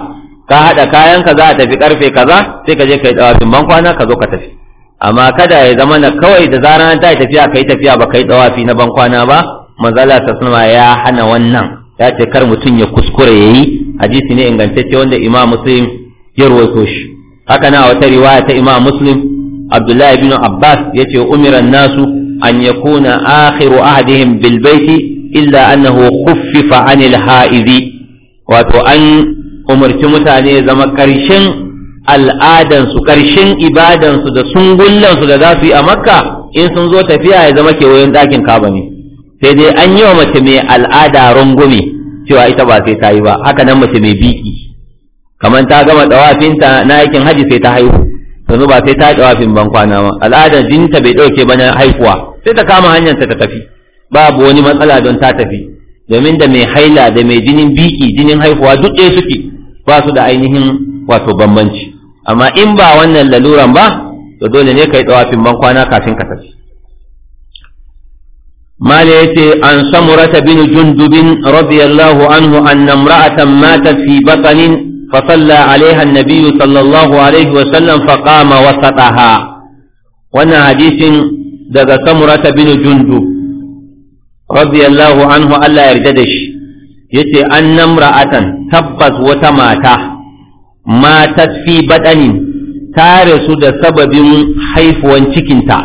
Speaker 1: ka hada kayan ka za a tafi karfe kaza sai ka je kai dawafin ban kwana ka zo ka tafi amma kada ya zama na kawai da zaran ta tafiya kai tafiya ba kai dawafi na ban kwana ba manzala ta sunama ya hana wannan ya ce kar mutum ya kuskure yayi hadisi ne ingantacce wanda imam muslim ya rawaito shi haka na wata riwaya ta imam muslim abdullahi ibn abbas yace ce nasu an yakuna akhiru ahdihim bil baiti illa annahu khuffifa anil haizi wato an umarci mutane zama karshen al'adansu karshen ibadansu da sungullansu da za su yi a makka in sun zo tafiya ya zama kewayen ɗakin kaba ne sai dai an yi wa mace mai al'ada rungume cewa ita ba sai ta yi ba haka nan mace mai biki kamar ta gama dawafinta na aikin haji sai ta haihu yanzu ba sai ta dawafin ban kwana ba al'adar jinta bai dauke ba na haihuwa sai ta kama hanyar ta tafi babu wani matsala don ta tafi domin da mai haila da mai jinin biki jinin haihuwa duk ɗaya suke ba su da ainihin wato bambanci amma in ba wannan laluran ba to dole ne kai dawafin ban kwana kafin ka tafi mala yace an samurata bin jundubin radiyallahu anhu anna imra'atan matat fi batanin فصلى عليها النبي صلى الله عليه وسلم فقام وسطها وانا حديث دغ سمرة بن جندب رضي الله عنه ألا يرددش يتي أن امرأة تبت وتماتا ماتت في بدن تارس دا سبب حيف وانتكنتا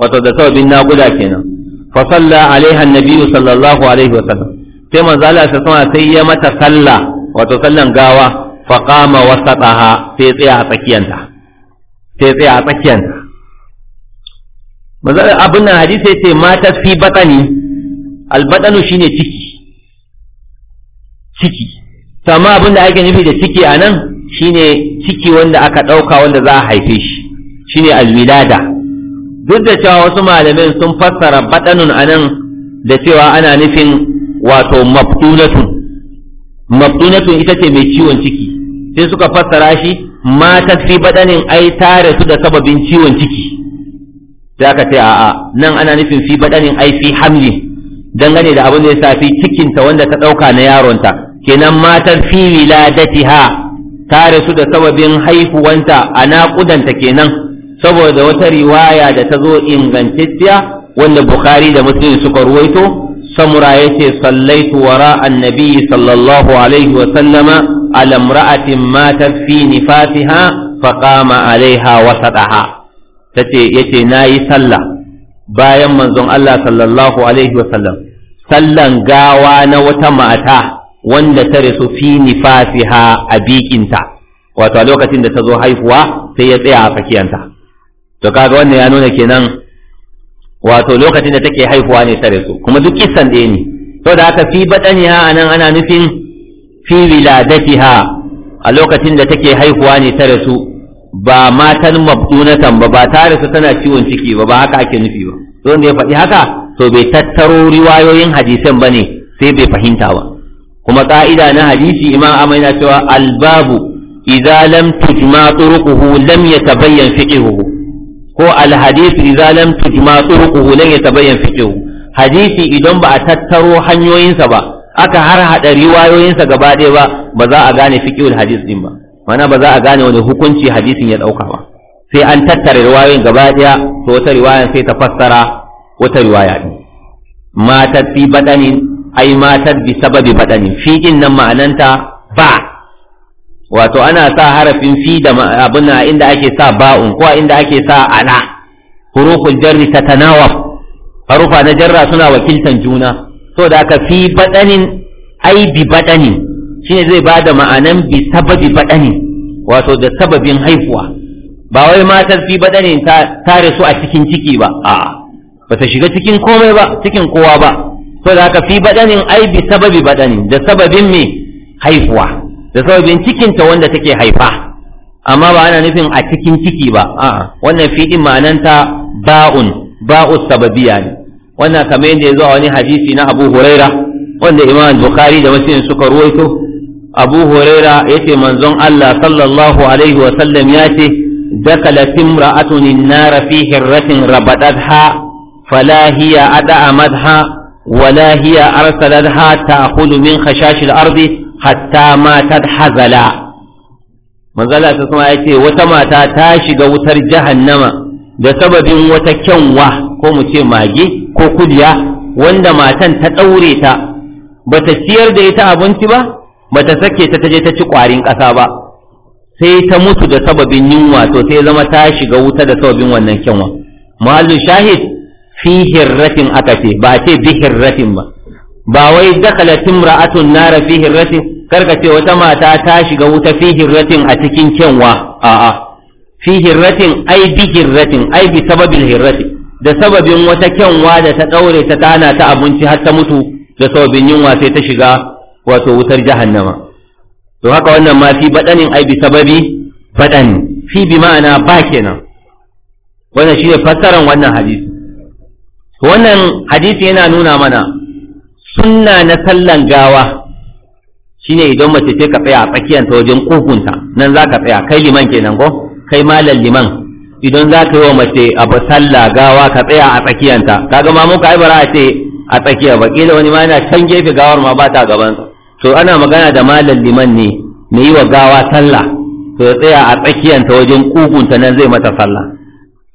Speaker 1: وتو دا سبب النابلة كنا fa salla alaiha annabi sallallahu alaihi wa sallam sai manzo Allah ta sama sai ya mata salla wato sallan gawa fa qama wasataha sai tsaya a tsakiyanta sai tsaya a tsakiyanta manzo abin nan hadisi ce mata fi batani albatanu shine ciki ciki amma abin da ake nufi da ciki anan shine ciki wanda aka dauka wanda za a haife shi shine alwilada duk da cewa wasu malamin sun fassara baɗanun anan da cewa ana nufin wato maftunatun maftunatun ita ce mai ciwon ciki sai suka fassara shi mata fi baɗanin ai tare su da sababin ciwon ciki sai aka ce a'a nan ana nufin fi baɗanin ai fi hamlin dangane da abin da ya safi cikinta wanda ta ɗauka na yaronta kenan matar fi wiladatiha tare su da sababin haihuwanta a naƙudanta kenan saboda wata riwaya da ta zo ingantacciya wanda bukhari da muslim suka ruwaito samura ya ce, sallaitu wara annabi sallallahu alaihi wa sallama ala imra'atin matat fi nifasiha fa qama alaiha wasataha tace yace nayi sallah bayan manzon Allah sallallahu alaihi wa sallam sallan gawa na wata mata wanda ta rasu fi nifasiha a bikinta wato a lokacin da ta zo haihuwa sai ya tsaya a fakiyanta to kaga wannan ya nuna kenan wato lokacin da take haihuwa ne ta rasu kuma duk kisan ɗaya ne to da haka fi badaniha anan ana nufin fi wiladatiha a lokacin da take haihuwa ne ta rasu ba matan mabdunatan ba ba ta rasu tana ciwon ciki ba ba haka ake nufi ba to wanda ya faɗi haka to bai tattaro riwayoyin hadisan ne, sai bai fahimta ba kuma ka'ida na hadisi imam amai na cewa albabu idza lam tujma turuquhu lam yatabayyan fiqhuhu ko alhadis idza lam tujma turuquhu lan yatabayyan fiqhu hadisi idan ba a tattaro hanyoyinsa ba aka har hada riwayoyinsa gaba ɗaya ba ba za a gane fiqhul hadis din ba mana ba za a gane wani hukunci hadisin ya dauka ba sai an tattara riwayoyin gaba ɗaya to wata riwaya sai ta fassara wata riwaya din matat fi badanin ai matat bi sababi badanin fi nan ma'ananta ba wato ana sa harafin fi da abin na inda ake sa ba'un ko inda ake sa ana huruful jarri tatanawaf harufa na jarra suna wakiltan juna so da aka fi badanin ai bi badanin shine zai bada ma'anan bi sababi badanin wato da sababin haifuwa ba wai matar fi badanin ta tare su a cikin ciki ba a'a ta shiga cikin komai ba cikin kowa ba so da aka fi badanin ai bi sababi badanin da sababin me haifuwa da sababin cikinta wanda take haifa amma ba ana nufin a cikin ciki ba a'a wannan fi ma'ananta ba'un ba'u sababiya ne wannan kamar yadda ya zuwa wani hadisi na Abu Huraira wanda Imam Bukhari da Muslim suka ruwaito Abu Huraira yace manzon Allah sallallahu alaihi wa sallam yace dakalat imra'atun an-nar fi hirratin rabadatha fala hiya ad'a madha ولا هي أرسلتها تأخذ hatta matar hazala manzala ta kuma ya ce wata mata ta shiga wutar jahannama da sababin wata kyanwa ko mu ce mage ko kudiya wanda matan ta ɗaure ta ba ta ciyar da ita abinci ba ta sake ta taje ta ci kwarin ƙasa ba sai ta mutu da sababin yunwa to sai zama ta shiga wuta da sababin wannan kyanwa mahallu shahid fi hirratin aka ce ba ce bi hirratin ba ba wai dakala timra'atun nara fi hirratin karka ce wata mata ta shiga wuta fi hirratin a cikin kyanwa a'a fi hirratin ai bi hirratin ai bi sababin hirratin da sababin wata kyanwa da ta daure ta tana ta abinci har ta mutu da sababin yunwa sai ta shiga wato wutar jahannama to haka wannan ma fi badanin ai bi sababi badan fi bi ma'ana ba kenan wannan shine fassaran wannan hadisi wannan hadisi yana nuna mana sunna na sallan gawa shine idan mace ce ka tsaya a tsakiyanta wajen kofunta nan za ka tsaya kai liman kenan ko kai malam liman idan za ka yi wa mace abu sallah gawa ka tsaya a tsakiyanta kaga ma muka aibara a ce a tsakiya ba kila wani ma yana can gefe gawar ma ba ta gaban to ana magana da malam liman ne mai yi wa gawa sallah to ya tsaya a tsakiyanta wajen kofunta nan zai mata sallah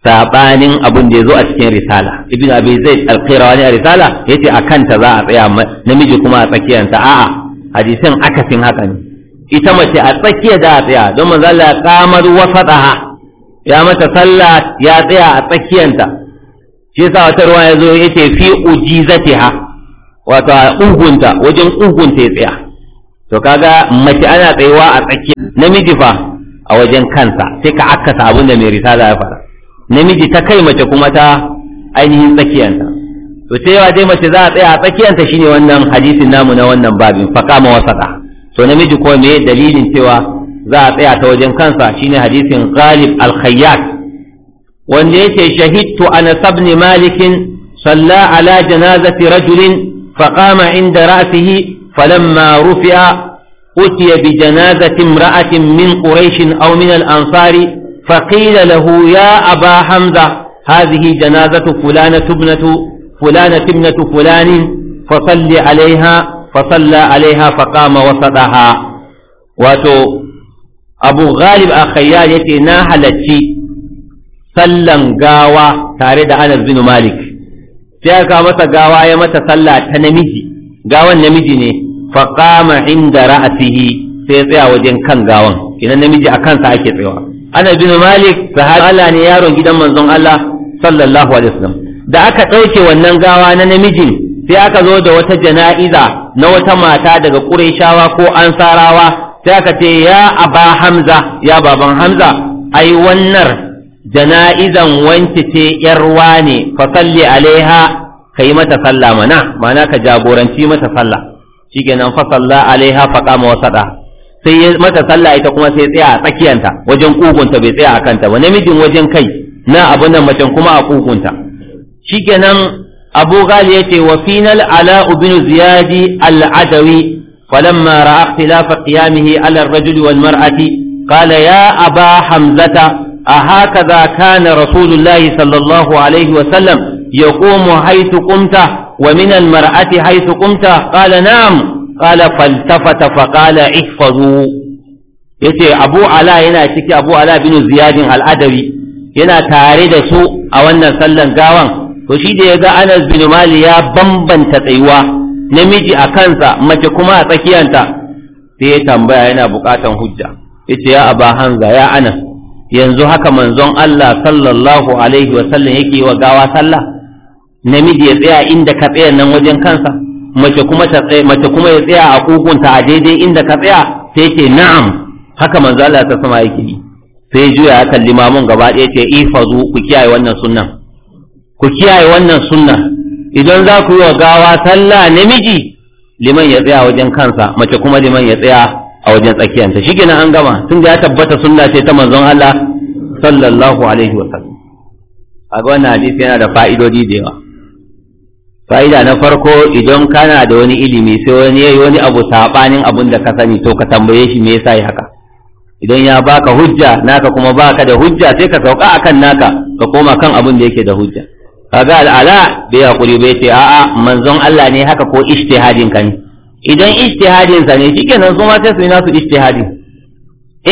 Speaker 1: sabanin abin da ya zo a cikin risala ibn abi zaid al-qirawani a risala yace akan ta za a tsaya namiji kuma a tsakiyanta a'a hadisin akasin haka ne ita mace a tsakiya da a tsaya don manzo Allah kamar wasataha ya mata sallah ya tsaya a tsakiyanta shi sa wata ruwa ya zo yace fi ujizatiha wato a ugunta wajen ugunta ya tsaya to kaga mace ana tsayawa a tsakiya namiji fa a wajen kansa sai ka akasa abin da mai risala ya fara namiji ta kai mace kuma ta ainihin tsakiyanta to ta yawa dai mace za a tsaya a tsakiyanta shine wannan hadisin namu na wannan babin faqama wasata to namiji ko me dalilin cewa za a tsaya ta wajen kansa shine hadisin ghalib al-khayyat wanda yake shahidtu anas ibn malikin salla ala janazati rajulin faqama inda ra'sihi falamma rufi'a أتي بجنازة امرأة من قريش أو من الأنصار فقيل له يا أبا حمزة هذه جنازة فلانة ابنة fulanat ibnatu fulanin fa salli alaiha fa salla alaiha wato abu ghalib a khayyar yace na halacci sallan gawa tare da anas bin malik sai aka masa gawa ya mata sallah ta namiji gawan namiji ne fa qama inda ra'atihi sai tsaya wajen kan gawan idan namiji a kansa ake tsayawa anas malik ne yaron gidan manzon Allah sallallahu alaihi wasallam da aka ɗauke wannan gawa na namijin sai aka zo da wata jana'iza na wata mata daga ƙureshawa ko ansarawa sai aka ce ya aba hamza ya baban hamza ai wannan jana'izan wanki ce yarwa ne fa salli alaiha kai mata sallah mana mana ka jagoranci mata sallah shikenan fa salla alaiha fa qama wasada sai mata sallah ita kuma sai tsaya a tsakiyanta wajen kugunta bai tsaya a kanta ba namijin wajen kai na abun nan macen kuma a kugunta shikenan abu ghali yace wa final ala ibn ziyadi al-adawi falamma ra'a ikhtilafa qiyamihi ala ar-rajuli wal mar'ati قال يا أبا حمزة أهكذا Sallallahu alaihi الله صلى الله عليه وسلم wa minan mar'ati ومن المرأة حيث قمت قال نعم fa فالتفت فقال احفظوا yace abu ala yana ciki abu ala binu ziyadin al'adawi yana tare da su a wannan sallan gawan to shi da ya ga anas bin mali ya bambanta tsayuwa namiji a kansa mace kuma a tsakiyanta sai ya tambaya yana bukatan hujja yace ya aba hanza ya anas yanzu haka manzon Allah sallallahu alaihi wa sallam yake wa gawa sallah namiji ya tsaya inda ka tsaya nan wajen kansa mace kuma ta tsaya mace kuma ya tsaya a kukunta a daidai inda ka tsaya sai ce na'am haka manzo Allah ta sama yake yi sai juya ya kalli mamun gaba ɗaya ce ifazu ku kiyaye wannan sunnan ku kiyaye wannan sunna idan za ku yi wa gawa sallah namiji liman ya tsaya wajen kansa mace kuma liman ya tsaya a wajen tsakiyanta shi kenan an gama tun da ya tabbata sunna ce ta manzon Allah sallallahu alaihi wa a ga wannan hadisi yana da fa'idodi da yawa fa'ida na farko idan kana da wani ilimi sai wani yayi wani abu sabanin abun da ka sani to ka tambaye shi me yasa haka idan ya baka hujja naka kuma baka da hujja sai ka sauka akan naka ka koma kan abin da yake da hujja kaga al'ala bai hakuri bai ce a'a manzon Allah ne haka ko ijtihadin ka ne idan ijtihadin sa ne shikenan su ma sai su yi nasu ijtihadi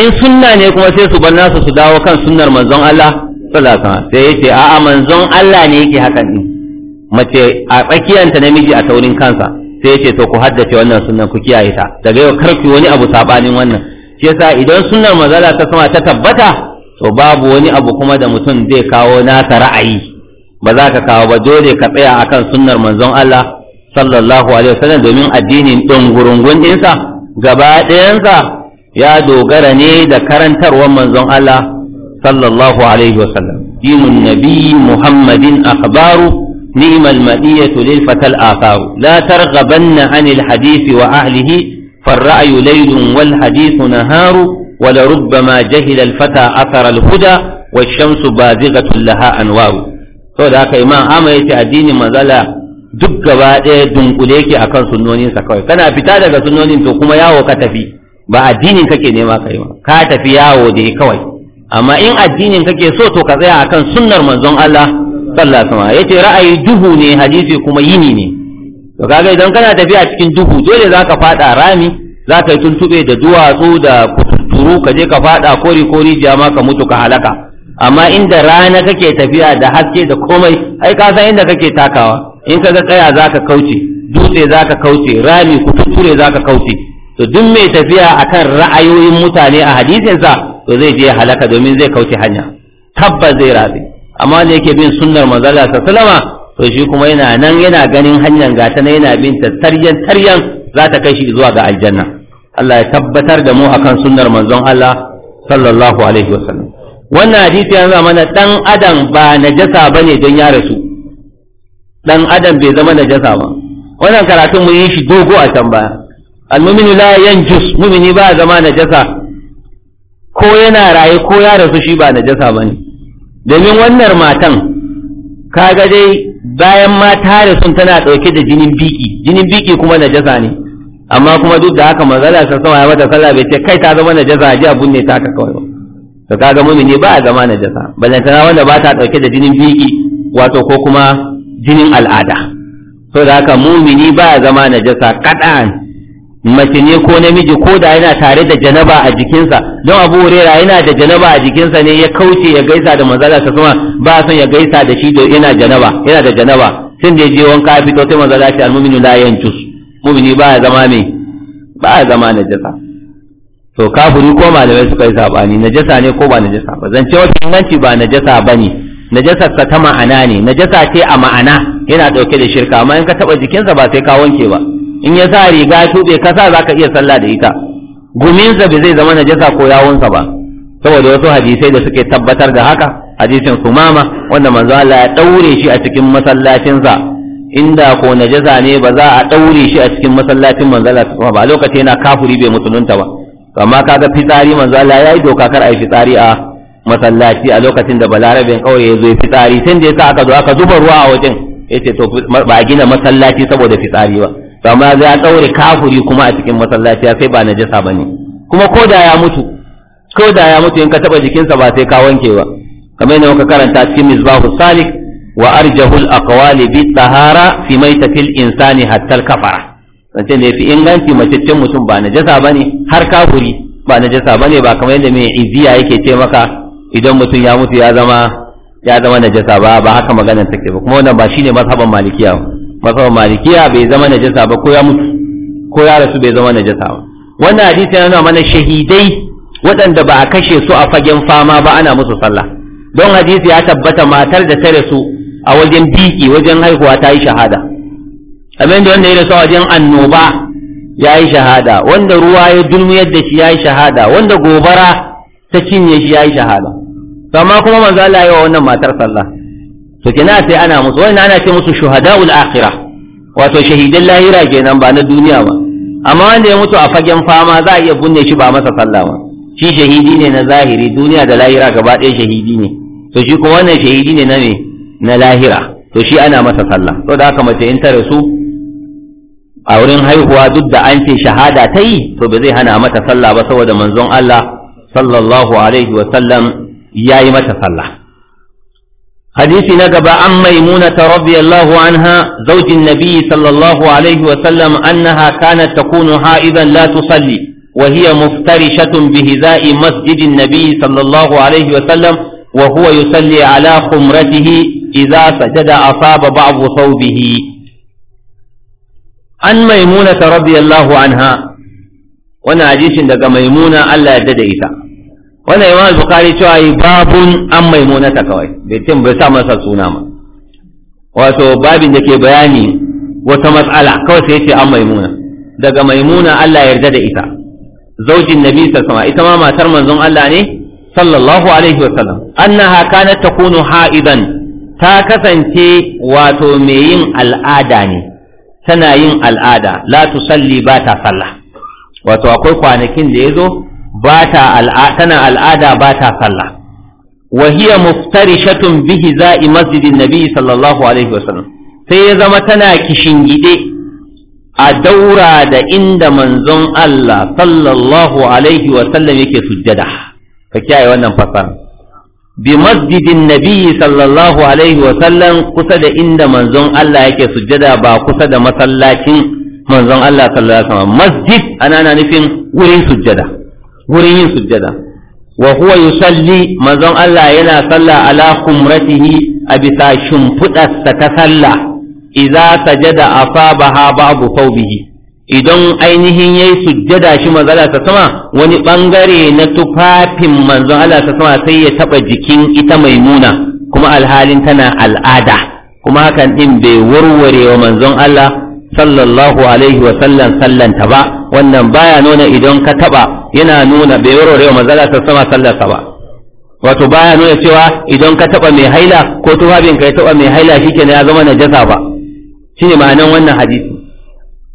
Speaker 1: in sunna ne kuma sai su bar nasu su dawo kan sunnar manzon Allah sallallahu alaihi wasallam sai yace a'a manzon Allah ne yake hakan din mace a ta namiji a taurin kansa sai yace to ku haddace wannan sunnan ku kiyaye ta daga yau kar ku wani abu sabanin wannan shi yasa idan sunnar manzon Allah ta sama ta tabbata to babu wani abu kuma da mutum zai kawo nasa ra'ayi ba za ka kawo ba dole ka tsaya akan sunnar manzon Allah sallallahu alaihi wasallam domin addinin ɗin gurungun ɗinsa gaba ɗayansa ya dogara ne da karantarwar manzon Allah sallallahu alaihi wasallam dimun nabi muhammadin akhbaru نعم المدية للفتى الآثار لا ترغبن عن الحديث وأهله فالرأي ليل والحديث نهار ولربما جهل الفتى أثر الهدى والشمس بازغة لها أنوار da haka imam ama ce addinin mazala duk gaba ɗaya dunkule yake kan sunnoninsa kawai kana fita daga sunnonin to kuma yawo ka tafi ba addinin kake nema kai ma ka tafi yawo dai kawai amma in addinin kake so to ka tsaya akan sunnar manzon Allah sallallahu alaihi wasallam yace ra'ayi duhu ne hadisi kuma yini ne to kaga idan kana tafiya cikin duhu dole zaka fada rami zaka yi tuntube da duwatsu da kuturu ka je ka fada kori kori jama ka mutu ka halaka amma inda rana kake tafiya da haske da komai ai ka san inda kake takawa in ka tsaya za zaka kauce dutse zaka kauce rami za zaka kauce to duk mai tafiya akan ra'ayoyin mutane a hadisinsa to zai je halaka domin zai kauce hanya tabbas zai rabe amma da yake bin sunnar manzala sallama to shi kuma yana nan yana ganin hanyar gata na yana bin ta taryan taryan za ta kai shi zuwa ga aljanna Allah ya tabbatar da mu akan sunnar manzon Allah sallallahu alaihi wasallam wannan hadisi ya mana dan adam ba najasa bane don ya rasu dan adam bai zama najasa ba wannan karatun mun yi shi dogo a can baya almuminu la yanjus mumini ba zama najasa ko yana raye ko ya rasu shi ba najasa bane domin wannan matan kaga dai bayan ma tare sun tana dauke da jinin biki jinin biki kuma najasa ne amma kuma duk da haka manzala sama ya mata sallah bai ce kai ta zama najasa ji abun ne ta ka kawai to kaga mumini ba a zama jasa balantana wanda ba ta dauke da jinin biki wato ko kuma jinin al'ada to da haka mumini ba a zama jasa kadan mace ne ko namiji ko da yana tare da janaba a jikinsa don abu hurera yana da janaba a jikinsa ne ya kauce ya gaisa da manzala ta kuma ba son ya gaisa da shi da yana janaba yana da janaba sun da je wanka fito sai manzala ta da la yanjus mumini ba ya zama me ba ya zama jasa. to kafuri ko malamai suka yi sabani najasa ne ko ba najasa ba zan ce wata inganci ba najasa ne. najasa ka ta ma'ana ne najasa ce a ma'ana yana dauke da shirka amma in ka taba jikinsa ba sai ka wanke ba in ya sa riga tube ka sa ka iya sallah da ita guminsa bai zai zama najasa ko yawunsa ba saboda wasu hadisai da suke tabbatar da haka hadisin sumama wanda manzo Allah ya daure shi a cikin masallacinsa inda ko najasa ne ba za a daure shi a cikin masallacin manzo Allah ba lokaci yana kafuri bai musulunta ba amma kaga fitsari manzo Allah yayi doka kar ai fitsari a masallaci a lokacin da balarabin kauye ya zo fitsari sai da yasa aka zo aka zuba ruwa a wajen yace to ba a gina masallaci saboda fitsari ba to amma ya daure kafuri kuma a cikin masallaci sai ba najasa bane kuma ko da ya mutu ko ya mutu in ka taba jikinsa ba sai ka wanke ba kamar yadda muka karanta cikin misbahu salik wa arjahul aqwali bi tahara fi maitatil insani hatta al kafara zance da fi inganci macaccen mutum ba najasa bane har kafuri ba najasa bane ba kamar yadda mai iziya yake ce maka idan mutum ya mutu ya zama ya zama najasa ba ba haka maganar take ba kuma wannan ba shine mazhaban malikiya mazhaban malikiya bai zama najasa ba ko ya mutu ko ya rasu bai zama najasa ba wannan hadisi yana mana shahidai waɗanda ba a kashe su a fagen fama ba ana musu sallah don hadisi ya tabbata matar da ta rasu a wajen biki wajen haihuwa ta yi shahada abin da wanda ya rasa wajen annoba ya yi shahada wanda ruwa ya dulmu yadda shi ya yi shahada wanda gobara ta cinye shi ya yi shahada to amma kuma manzo Allah ya wannan matar sallah to kina sai ana musu wannan ana ce musu shuhadaul akhirah wato shahidan lahira kenan ba na duniya ba amma wanda ya mutu a fagen fama za a iya bunne shi ba masa sallah ba shi shahidi ne na zahiri duniya da lahira gaba ɗaya shahidi ne to shi kuma wannan shahidi ne na ne na lahira to shi ana masa sallah to da haka mace in ta rasu a wurin haihuwa duk da an ce shahada ta yi to ba zai hana mata sallah ba saboda manzon Allah sallallahu alaihi wa sallam ya yi mata sallah hadisi na gaba an maimuna ta radiyallahu anha zaujin nabi sallallahu alaihi wa sallam annaha kanat takunu ha'idan la tusalli wa hiya muftarishatun bi hizai masjidin nabi sallallahu alaihi wa sallam wa huwa yusalli ala khumratihi idza sajada asaba ba'd thawbihi an maimuna ta radiyallahu anha wannan hadisin daga maimuna Allah ya da ita wannan imam bukhari cewa yi babun an maimuna ta kawai bai tin bai sa masa suna ma wato babin da ke bayani wata matsala kawai sai ce an maimuna daga maimuna Allah yarda da ita zaujin nabi sallallahu ita ma matar manzon Allah ne sallallahu alaihi wa wasallam annaha kanat takunu ha'idan ta kasance wato mai yin al'ada ne tana yin al'ada la tusalli ba ta sallah wato akwai kwanakin da ya zo tana al'ada ba ta sallah wa hiya muftarishatun bihi za'i masjidin nabi sallallahu alaihi wasallam sai ya zama tana kishingide a daura da inda manzon Allah sallallahu alaihi wasallam yake sujjada ka kiyaye wannan fasara bi masjidin nabi sallallahu alaihi wasallam kusa da inda manzon Allah yake sujjada ba kusa da masallacin manzon Allah sallallahu alaihi masjid ana nufin wurin sujjada wurin yin sujjada wa huwa yusalli manzon Allah yana sallah ala kumratihi a bisa shimfiɗarsa ta sallah idza sajada asabaha ba'du idan ainihin ya yi sujjada shi manzala ta sama wani bangare na tufafin manzon Allah ta sama sai ya taba jikin ita maimuna kuma alhalin tana al'ada kuma hakan din bai warware wa manzon Allah sallallahu alaihi wa sallam sallanta ba wannan baya nuna idan ka taba yana nuna bai warware wa manzon Allah ta sama sallarsa ba wato baya nuna cewa idan ka taba mai haila ko tufafin ka ya taba mai haila shikenan ya zama najasa ba shine ma'anan wannan hadisi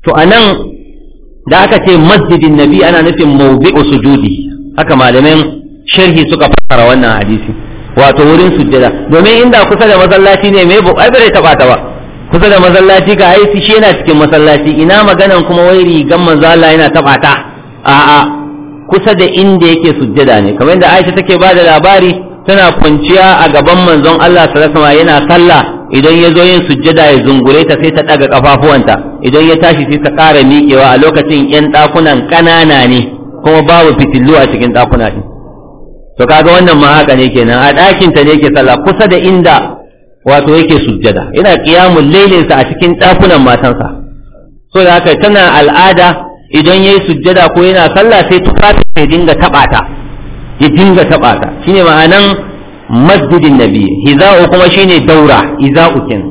Speaker 1: to anan da aka ce masjidin nabi ana nufin su sujudi haka malamin sharhi suka fara wannan hadisi wato wurin sujjada domin inda kusa da masallaci ne mai bukatar bare taba ta ba kusa da masallaci ga ai shi yana cikin masallaci ina maganan kuma wai rigan manzo Allah yana taba ta a'a kusa da inda yake sujjada ne kamar yadda Aisha take ba da labari tana kwanciya a gaban manzon Allah sallallahu alaihi yana sallah idan ya zo yin sujjada ya zungure ta sai ta ɗaga ƙafafuwanta idan ya tashi sai ta ƙara miƙewa a lokacin yan ɗakunan ƙanana ne kuma babu fitillu a cikin ɗakuna ɗin to kaga wannan ma ne kenan a ɗakin ta ne yake sallah kusa da inda wato yake sujjada yana qiyamul lailin sa a cikin ɗakunan matansa so da haka tana al'ada idan yayi sujjada ko yana sallah sai tufafi ya dinga taɓata ya dinga taɓata shine ma'anan masjidin nabi hiza'u kuma shine daura iza'u kin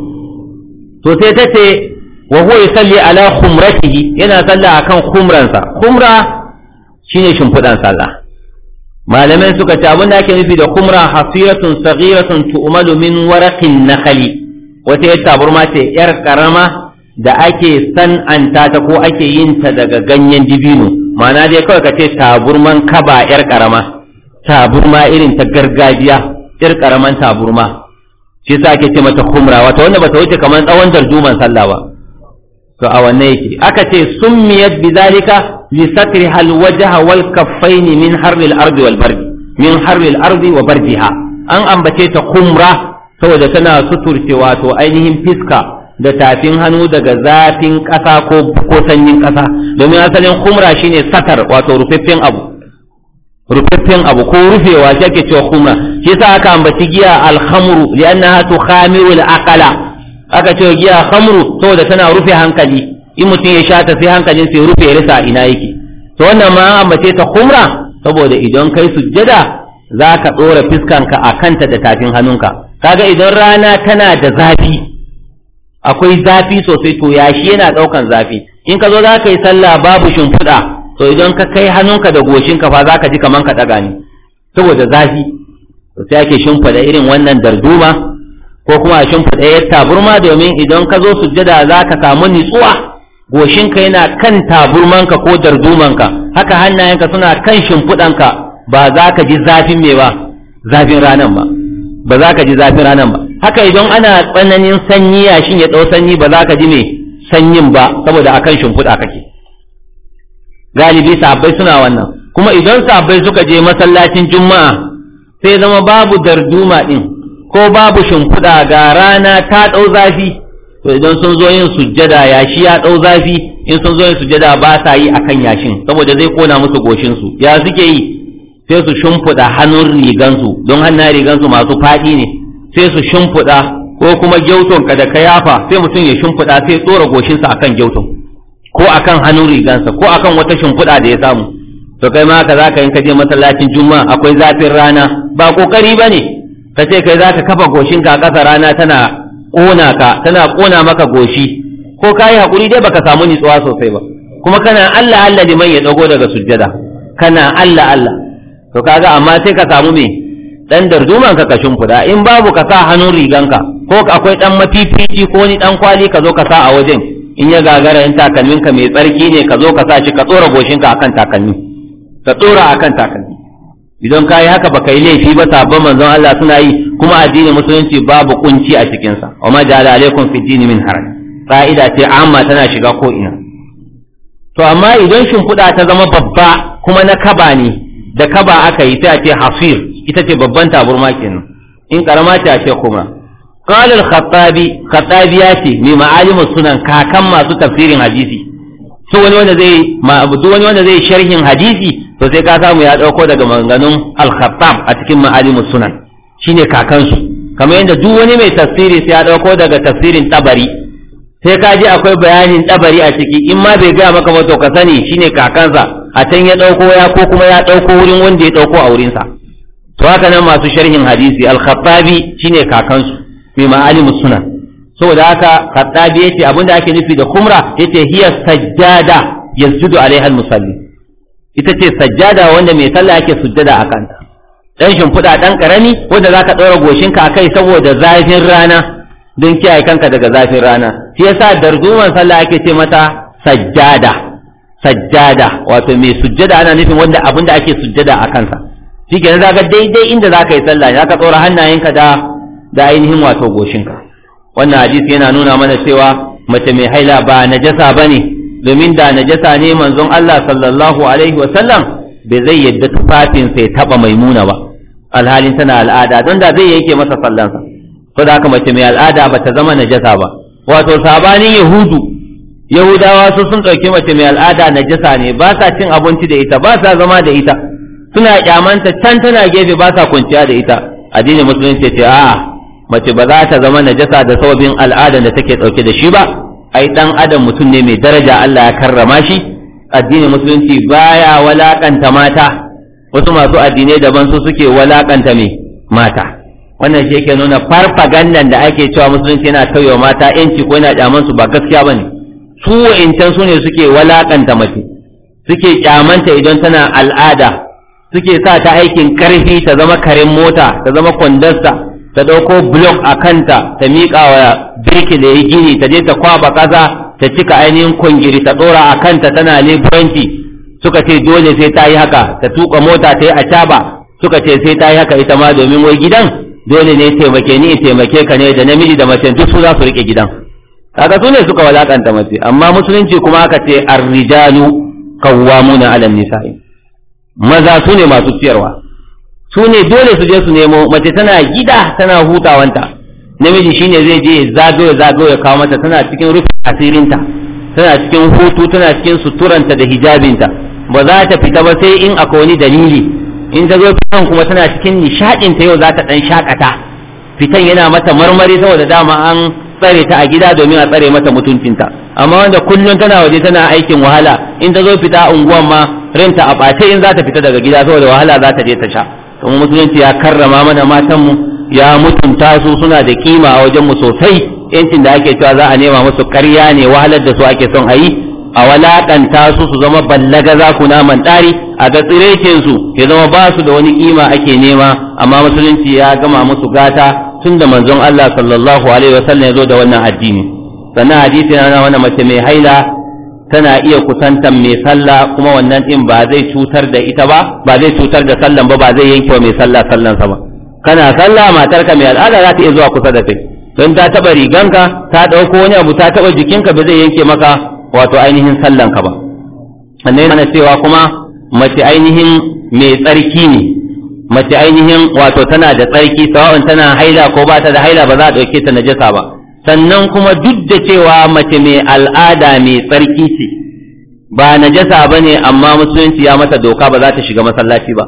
Speaker 1: to sai ta ce wa huwa yusalli ala khumratihi yana sallah akan khumransa khumra shine shimfidan sallah malamai suka ce abin da ake nufi da khumra hasiratun saghiratun tu'malu min waraqin nakhli wata yar taburma ce yar karama da ake san'anta ta ko ake yin ta daga ganyen dibino ma'ana dai kawai ka ce taburman kaba yar karama taburma irin ta gargajiya ir karaman taburma shi sa ake ce mata khumra wato wanda bata wuce kamar tsawon darduman sallah ba to a wanne yake aka ce summiyat bizalika li hal alwajha wal kaffaini min harril ardi wal min harril ardi wa barjiha an ambace ta khumra saboda tana suturce wato ainihin fiska da tafin hannu daga zafin ƙasa ko sanyin ƙasa domin asalin khumra shine satar wato rufaffen abu rufaffen abu ko rufewa shi ake cewa khumra shi yasa aka ambaci giya al-khamru li'annaha tukhamiru al aka ce giya khamru saboda tana rufe hankali in mutum ya sha ta sai hankalin sai rufe risa ina yake to wannan ma an ambace ta khumra saboda idan kai sujjada zaka ka ɗora fiskanka a kanta da tafin hannunka kaga idan rana tana da zafi akwai zafi sosai to yashi yana ɗaukan zafi in ka zo za ka yi sallah babu shimfiɗa to idan ka kai hannunka da goshinka fa za ka ji kaman ka daga ne saboda zafi to sai ake irin wannan darduma ko kuma a shimfada yar taburma domin idan ka zo sujjada ka samu nitsuwa goshinka yana kan taburmanka ko dardumanka haka hannayenka suna kan ka, ba za ka ji zafin me ba zafin ranan ba ba za ka ji zafin ranan ba haka idan ana tsananin sanyi yashin ya ɗau sanyi ba za ka ji me sanyin ba saboda akan shimfiɗa kake galibi sahabbai suna wannan kuma idan sahabbai suka je masallacin juma'a sai zama babu darduma din ko babu shimfiɗa ga rana ta ɗau zafi to idan sun zo yin sujjada yashi ya ɗau zafi in sun zo yin sujjada ba sa yi akan yashin saboda zai kona musu goshinsu ya suke yi sai su shimfiɗa hannun rigansu don hannun rigansu masu faɗi ne sai su shimfiɗa ko kuma gyauton ka da kayafa sai mutum ya shimfiɗa sai tsora goshinsa akan gyauton ko akan hannun rigansa ko akan wata shimfiɗa da ya samu to kai ma za zaka yin ka je masallacin juma'a akwai zafin rana ba kokari bane ka ce kai za zaka kafa goshin ka ƙasa rana tana ƙona ka tana ƙona maka goshi ko kai hakuri dai baka samu nitsuwa sosai ba kuma kana Allah Allah liman ya dago daga sujjada kana Allah Allah to kaga amma sai ka samu me dan darduman ka kashin fuda in babu ka sa hannun riganka ko akwai dan mafifici ko ni dan kwali ka zo ka sa a wajen in ya gagara in takalmin ka mai tsarki ne ka zo ka sa shi ka tsora goshin ka akan takalmi ka tsora akan takalmi idan ka yi haka baka yi laifi ba sabon manzon Allah suna yi kuma addinin musulunci babu kunci a cikin sa wa ma jala alaikum fi dini min haram. fa'ida ce amma tana shiga ko ina to amma idan shimfiɗa ta zama babba kuma na kaba ne da kaba aka yi ta a ce hafir ita ce babban taburma kenan in karama ta ce kuma قال الخطابي خطابي ياتي من معالم السنن كاكم ما تفسير حديثي su wani wanda zai ma duk wani wanda zai sharhin hadisi to sai ka samu ya dauko daga maganganun al-khattab a cikin ma'alimus sunan shine kakansu kamar yadda duk wani mai tafsiri sai ya dauko daga tafsirin tabari sai ka ji akwai bayanin tabari a ciki in ma bai gaya maka ba to ka sani shine kakansa a can ya dauko ya ko kuma ya dauko wurin wanda ya dauko a wurinsa to haka nan masu sharhin hadisi al-khattabi shine kakansu fi ma'alimu sunan saboda haka kaddabi yace abinda ake nufi da kumra yace hiya sajjada yasjudu alaiha almusalli ita ce sajjada wanda mai sallah yake sujjada a kanta dan shimfiɗa dan karami wanda zaka ɗora goshinka akai saboda zafin rana don kiyaye kanka daga zafin rana shi yasa darduman sallah ake ce mata sajjada sajjada wato mai sujjada ana nufin wanda abinda ake sujjada a kansa shi kenan zaka daidai inda zaka yi sallah zaka tsora hannayenka da da ainihin wato goshinka wannan hadisi yana nuna mana cewa mace mai haila ba najasa bane domin da najasa ne manzon Allah sallallahu alaihi wasallam bai zai yadda tufafin sai taba maimuna ba alhalin tana al'ada don da zai yake masa sallansa ko da haka mace mai al'ada ba ta zama najasa ba wato sabanin yahudu yahudawa su sun ɗauki mace mai al'ada najasa ne ba sa cin abinci da ita ba sa zama da ita suna kyamanta can tana gefe ba sa kwanciya da ita addinin musulunci ce a'a mace ba za ta zama najasa da sababin al'adan da take dauke da shi ba ai dan adam mutum ne mai daraja Allah ya karrama shi addinin musulunci baya walakanta mata wasu masu addinai daban su suke walakanta me mata wannan shi yake nuna farfagandan da ake cewa musulunci yana tauye mata yanci ko yana kyaman su ba gaskiya bane su wa'incan su ne suke walakanta mace suke kyamanta idan tana al'ada suke sa ta aikin karfi ta zama karin mota ta zama kondasta. ta ɗauko blok a kanta ta miƙa wa birki da ya gini ta je ta kwaba ƙasa ta cika ainihin kungiri ta ɗora a kanta tana leburanci suka ce dole sai ta yi haka ta tuka mota ta yi a caba suka ce sai ta yi haka ita ma domin wai gidan dole ne taimake ni taimake ka ne da namiji da mace duk su za su riƙe gidan kaga su ne suka walakanta mace amma musulunci kuma aka ce arrijalu kawwamuna ala nisa'i maza su ne masu ciyarwa su ne dole su je su nemo mace tana gida tana hutawanta namiji shine zai je zago ya zago ya kawo mata tana cikin rufin asirinta tana cikin hutu tana cikin suturanta da hijabinta ba za ta fita ba sai in akwai wani dalili in ta zo fitan kuma tana cikin nishaɗinta yau za ta ɗan shakata fitan yana mata marmari saboda dama an tsare ta a gida domin a tsare mata mutuncinta amma wanda kullum tana waje tana aikin wahala in ta zo fita unguwan ma rinta a ɓace in za ta fita daga gida saboda wahala za ta je ta sha kuma musulunci ya karrama mana mu ya mutunta su suna da kima a mu sosai yancin da ake cewa za a nema musu ƙarya ne wahalar da su ake son a yi a walaƙanta su su zama ballaga za ku naman ɗari a ga su ya zama ba su da wani kima ake nema amma musulunci ya gama musu gata tun da manzon Allah sallallahu alaihi wasallam ya zo da wannan addini sannan hadisi na wani mace mai haila tana iya kusantan mai sallah kuma wannan din ba zai cutar da ita ba ba zai cutar da sallan ba ba zai yanke wa mai sallah sallan sa ba kana sallah matarka mai al'ada za ta iya zuwa kusa da kai don ta taba riganka ta dauko wani abu ta taba jikinka ba zai yanke maka wato ainihin sallan ka ba annai mana cewa kuma mace ainihin mai tsarki ne mace ainihin wato tana da tsarki sawa'un tana haila ko ba ta da haila ba za a dauke ta najasa ba sannan kuma duk da cewa mace mai al'ada mai tsarki ce ba najasa ba ne amma musulunci ya mata doka ba za ta shiga masallaci ba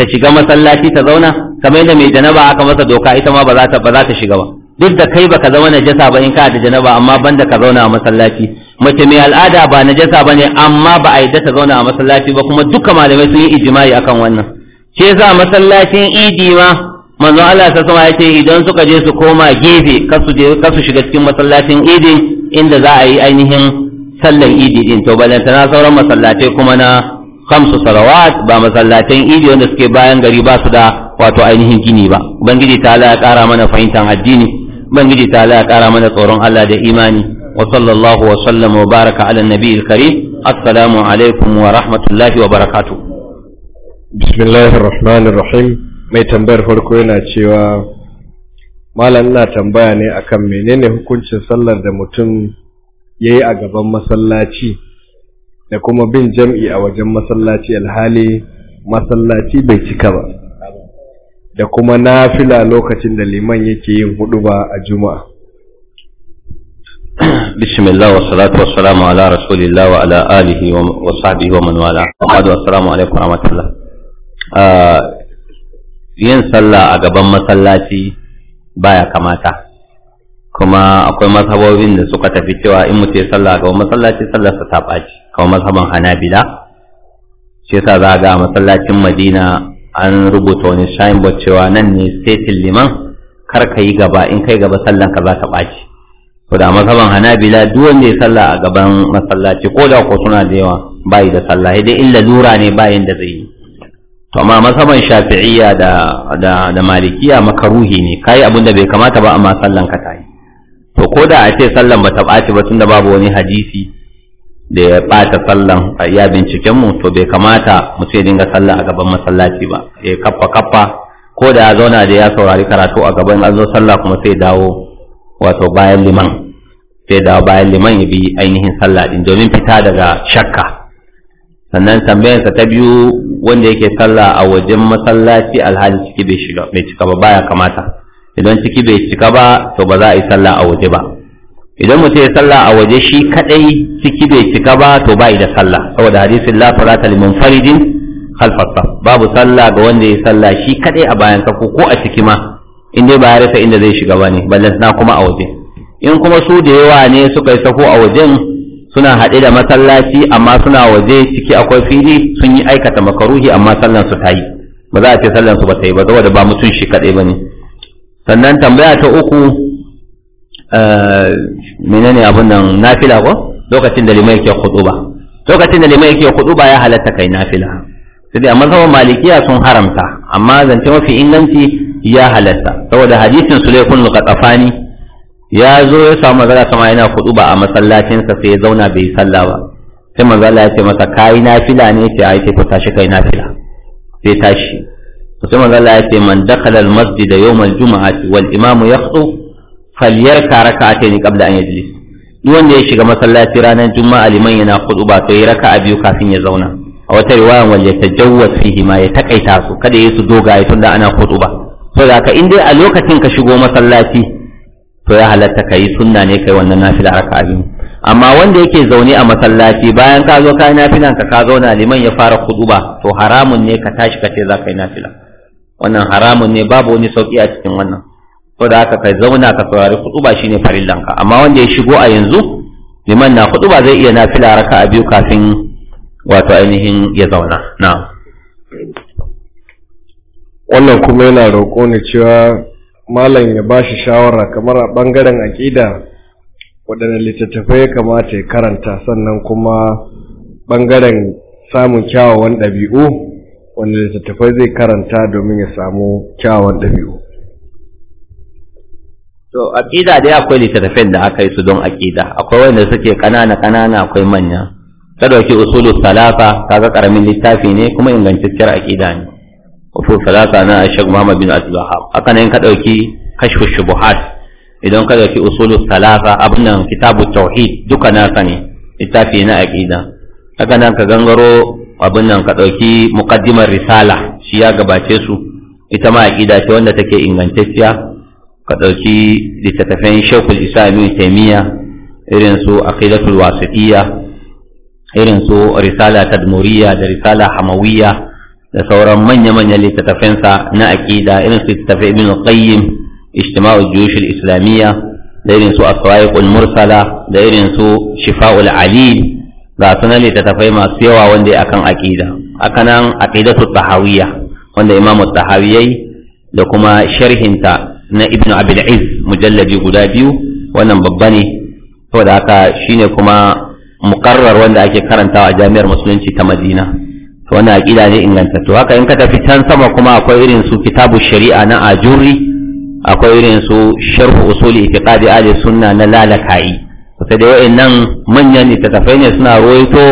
Speaker 1: ta shiga masallaci ta zauna kamar yadda mai janaba aka masa doka ita ma ba za ta ba za ta shiga ba duk da kai baka zama najasa ba in ka da janaba amma banda ka zauna a masallaci mace mai al'ada ba najasa bane amma ba a yadda ta zauna a masallaci ba kuma duka malamai sun yi ijma'i akan wannan ce za masallacin idi ma manzon Allah ta sama yace idan suka je su koma gefe kasu je kasu shiga cikin masallacin idi inda za a yi ainihin sallar idi din to balantana sauran masallatai kuma na khamsu salawat ba masallatan idi wanda suke bayan gari ba su da wato ainihin gini ba ubangiji ta Allah ya kara mana fahimtar addini ubangiji ta Allah ya kara mana tsoron Allah da imani wa sallallahu wa sallama wa baraka ala nabiyil karim assalamu alaikum wa rahmatullahi wa barakatuh
Speaker 2: بسم الله الرحمن الرحيم mai tambayar farko yana cewa malam na tambaya ne akan menene hukuncin sallar da mutum ya yi a gaban masallaci da kuma bin jam'i a wajen masallaci alhali masallaci bai cika ba da kuma nafila lokacin da liman yake yin hudu ba a juma'a
Speaker 1: bismillah wa salatu wa salamu ala rasulillah wa ala alihi wa sahbihi wa man wala wa assalamu alaikum wa rahmatullah ah, yin sallah a gaban masallaci baya kamata kuma akwai mazhabobin da suka tafi cewa in mutum ya sallah a gaban masallaci sallarsa ta ɓaci kamar mazhaban hanabila shi yasa za ga masallacin madina an rubuta wani board cewa nan ne setin liman kar ka yi gaba in kai gaba sallan ka za ta baci to da mazhaban hanabila duk wanda ya sallah a gaban masallaci ko da ko suna da yawa bai da sallah dai in lalura ne bayin da zai yi to amma masaban shafi'iyya da da da malikiya makaruhi ne kai abin da bai kamata ba amma sallan ka tayi to ko da a ce sallan ba ta ɓaci ba tunda babu wani hadisi da ya bata sallan ya binciken mu to bai kamata mu ce dinga sallan a gaban masallaci ba eh kaffa kaffa ko da ya zauna da ya saurari karatu a gaban an zo sallah kuma sai dawo wato bayan liman sai dawo bayan liman ya bi ainihin sallah din domin fita daga shakka sannan tambayarsa ta biyu wanda yake sallah a wajen masallaci alhali ciki bai shiga bai cika ba baya kamata idan ciki bai cika ba to ba za a yi sallah a waje ba idan mutum ya sallah a waje shi kadai ciki bai cika ba to bai da sallah saboda hadisin la salata liman faridin khalfasa babu sallah ga wanda ya sallah shi kadai a bayan ka ko a ciki ma in dai ba ya rasa inda zai shiga ba ne ballan na kuma a waje in kuma su da yawa ne suka yi sako a wajen suna haɗe da masallaci amma suna waje ciki akwai fili sun yi aikata makaruhi amma sallan su ta yi ba za a ce sallan su ba ta yi ba saboda ba mutum shi kaɗai ba ne sannan tambaya ta uku eh, menene abun nan nafila ko lokacin da limai yake khutuba lokacin da limai yake khutuba ya halatta kai nafila sai dai amma saboda malikiya sun haramta amma zance mafi inganci ya halatta saboda hadisin sulaykun luqatafani ya zo ya samu manzala sama yana ba a masallacinsa sai ya zauna bai yi sallah ba sai manzala ya ce masa na nafila ne sai ai ce ko tashi kai nafila sai tashi to sai manzala ya ce man dakhala al masjid yawm al jumu'ati wal imamu yakhthu falyarka raka'atayn qabla an yajlis duk wanda ya shiga masallaci ranar juma'a liman yana kudu ba sai raka'a biyu kafin ya zauna a wata riwaya wal yatajawwaz fihi ma ya takaita su kada yi su dogaye tunda ana ba saboda ka in dai a lokacin ka shigo masallaci to ya halatta yi sunna ne kai wannan nafila raka'a biyu amma wanda yake zaune a masallaci bayan ka zo kai nafilan ka ka zauna liman ya fara kuduba to haramun ne ka tashi ka ce za ka yi nafila wannan haramun ne babu wani sauki a cikin wannan ko da haka kai zauna ka saurari kuduba shine ka amma wanda ya shigo a yanzu liman na kuduba zai iya nafila raka'a biyu kafin wato ainihin ya zauna na'am
Speaker 2: wannan kuma yana roƙo ne cewa malam ya ba shi shawara kamar a ɓangaren aƙida waɗanda littattafai ya kamata ya karanta sannan kuma ɓangaren samun kyawawan ɗabi'u wanda littattafai zai karanta domin ya samu kyawawan ɗabi'u
Speaker 1: to aƙida dai akwai littattafai da aka yi su don aƙida akwai wanda suke ƙanana ƙanana akwai manya ta ɗauki usulu salafa kaga ƙaramin littafi ne kuma ingantacciyar aƙida ne kufu salasa na ashek Muhammad bin Abdul Wahhab haka ne ka dauki kashfu shubuhat idan ka dauki usul salasa abin kitabu tauhid duka naka ne littafi na aqida haka nan ka gangaro abin nan ka dauki muqaddimar risala shi ya gabace su ita ma aqida ce wanda take ingantacciya ka dauki littattafan shekul Islam Ibn taymiya irin su aqidatul wasitiyya irin su risala tadmuriyya da risala hamawiyya da sauran manya-manyan littattafensa na aƙida irin su littattafai ibn qayyim ijtima'u juyush islamiyya da irin su aswa'iqul mursala da irin su shifa'ul ali ga sunan littattafai masu yawa wanda akan aƙida akanan aqidatu tahawiyya wanda imamu tahawiyyi da kuma sharhinta na ibn abul izz mujalladi guda biyu wannan babba ne saboda haka shine kuma muqarrar wanda ake karantawa a jami'ar musulunci ta madina to wannan aqida ne inganta to haka in ka tafi can sama kuma akwai irin su kitabu shari'a na ajuri akwai irin su sharhu usuli itiqadi ahli sunna na lalakai sai da wayannan manyan littattafai ne suna roito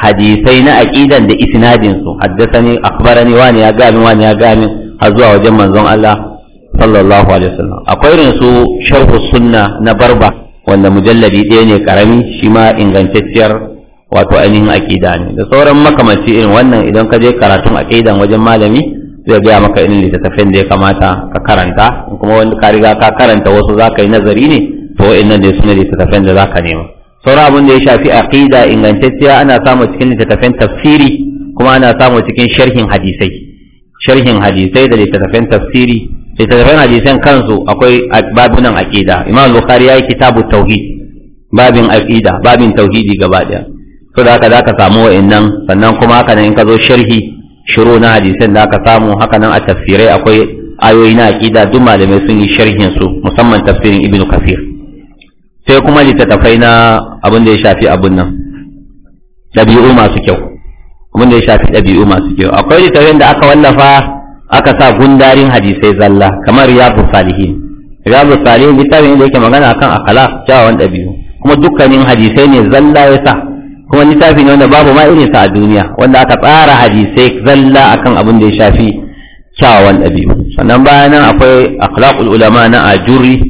Speaker 1: hadisai na aqidan da isnadin su haddathani akhbarani wani ya ga min wani ya ga min har zuwa wajen manzon Allah sallallahu alaihi wasallam akwai irin su sharhu sunna na barba wanda mujalladi ɗaya ne karami shi ma ingantacciyar wato ainihin aqida ne da sauran makamanci irin wannan idan ka je karatun aqidan wajen malami zai gaya maka irin littattafan da ya kamata ka karanta kuma wanda ka riga ka karanta wasu za ka yi nazari ne to wa'annan da su ne da za ka nema sauran abin da ya shafi aqida ingantacciya ana samu cikin littattafan tafsiri kuma ana samu cikin sharhin hadisai sharhin hadisai da littattafan tafsiri littattafan hadisan kansu akwai babunan aqida imam bukhari ya yi kitabu tauhid babin aqida babin tauhidi gaba daya so da haka za ka samu wa'annan sannan kuma haka nan in ka zo sharhi shiru na hadisan da aka samu haka nan a tafsirai akwai ayoyi na aqida duk malamai sun yi sharhin su musamman tafsirin ibnu kafir sai kuma littattafai na abin da ya shafi abun nan ɗabi'u masu kyau abin da ya shafi ɗabi'u masu kyau akwai littattafai da aka wallafa aka sa gundarin hadisai zalla kamar riyadu salihin riyadu salihin littafin da yake magana akan akala kyawawan ɗabi'u kuma dukkanin hadisai ne zalla ya sa kuma littafi ne wanda babu ma irinsa a duniya wanda aka tsara hadisai zalla akan abin da ya shafi kyawawan ɗabi'u sannan bayan nan akwai akhlaqul ulama na ajuri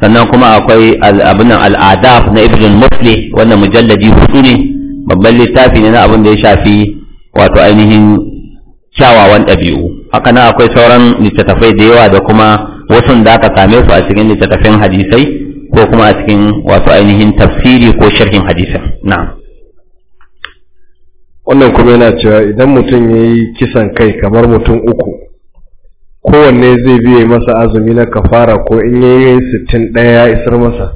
Speaker 1: sannan kuma akwai abin nan al'adab na ibn mufli wannan mujalladi hudu ne babban littafi ne na abin da ya shafi wato ainihin kyawawan ɗabi'u haka nan akwai sauran littattafai da yawa da kuma wasu da aka same su a cikin littattafin hadisai ko kuma a cikin wato ainihin tafsiri ko sharhin hadisai na'am
Speaker 2: wannan kuma yana cewa idan mutum ya yi kisan kai kamar mutum uku kowanne zai biye masa azumi na kafara ko in ya yi sittin ɗaya ya isar masa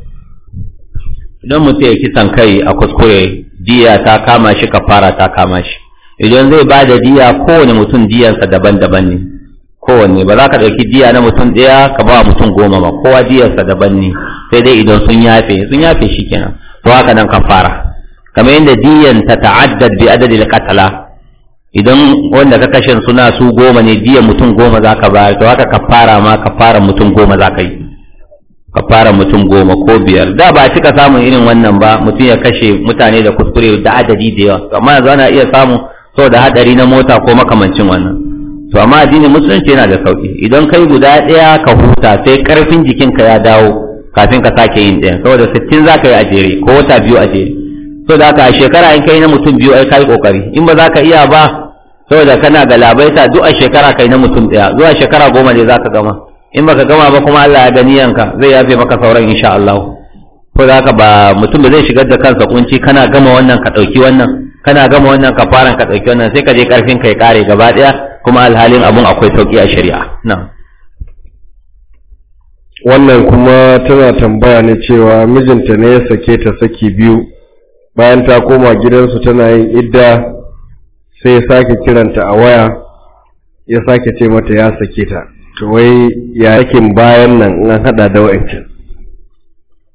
Speaker 1: idan mutum ya kisan kai a kuskure diya ta kama shi kafara ta kama shi idan zai ba da diya kowane mutum diyansa daban-daban ne kowanne ba za ka ɗauki diya na mutum ɗaya ka ba mutum goma ba kowa diyarsa daban ne sai dai idan sun yafe sun yafe shi kenan to haka nan kafara kamar yadda diyan ta ta'addad bi adadil qatala idan wanda ka kashe suna su goma ne diyan mutum goma za ka bayar to haka kafara ma kafara mutum goma za ka yi kafara mutum goma ko biyar da ba cika samun irin wannan ba mutum ya kashe mutane da kuskure da adadi da yawa amma yanzu ana iya samu saboda hadari na mota ko makamancin wannan to amma addinin musulunci yana da sauki idan kai guda daya ka huta sai karfin jikinka ya dawo kafin ka sake yin ɗayan saboda sittin za ka yi a jere ko wata biyu a jere so da ka shekara in kai na mutum biyu ai kai kokari in ba za ka iya ba saboda kana labaita duk a shekara kai na mutum daya zuwa shekara goma ne za ka gama in baka gama ba kuma Allah ya gani yanka zai yafe maka sauran insha Allah ko da ka ba mutum ba zai shigar da kansa kunci kana gama wannan ka dauki wannan kana gama wannan ka fara ka dauki wannan sai ka je karfin kai kare gaba daya kuma alhalin abun akwai sauki a shari'a na'am
Speaker 2: wannan kuma tana tambaya ne cewa mijinta ne ya sake ta saki biyu bayan ta koma gidansu tana yin idda sai ya sake kiranta a waya ya sake ce mata ya sake ta to wai ya yakin bayan nan in an hada da wa'ancin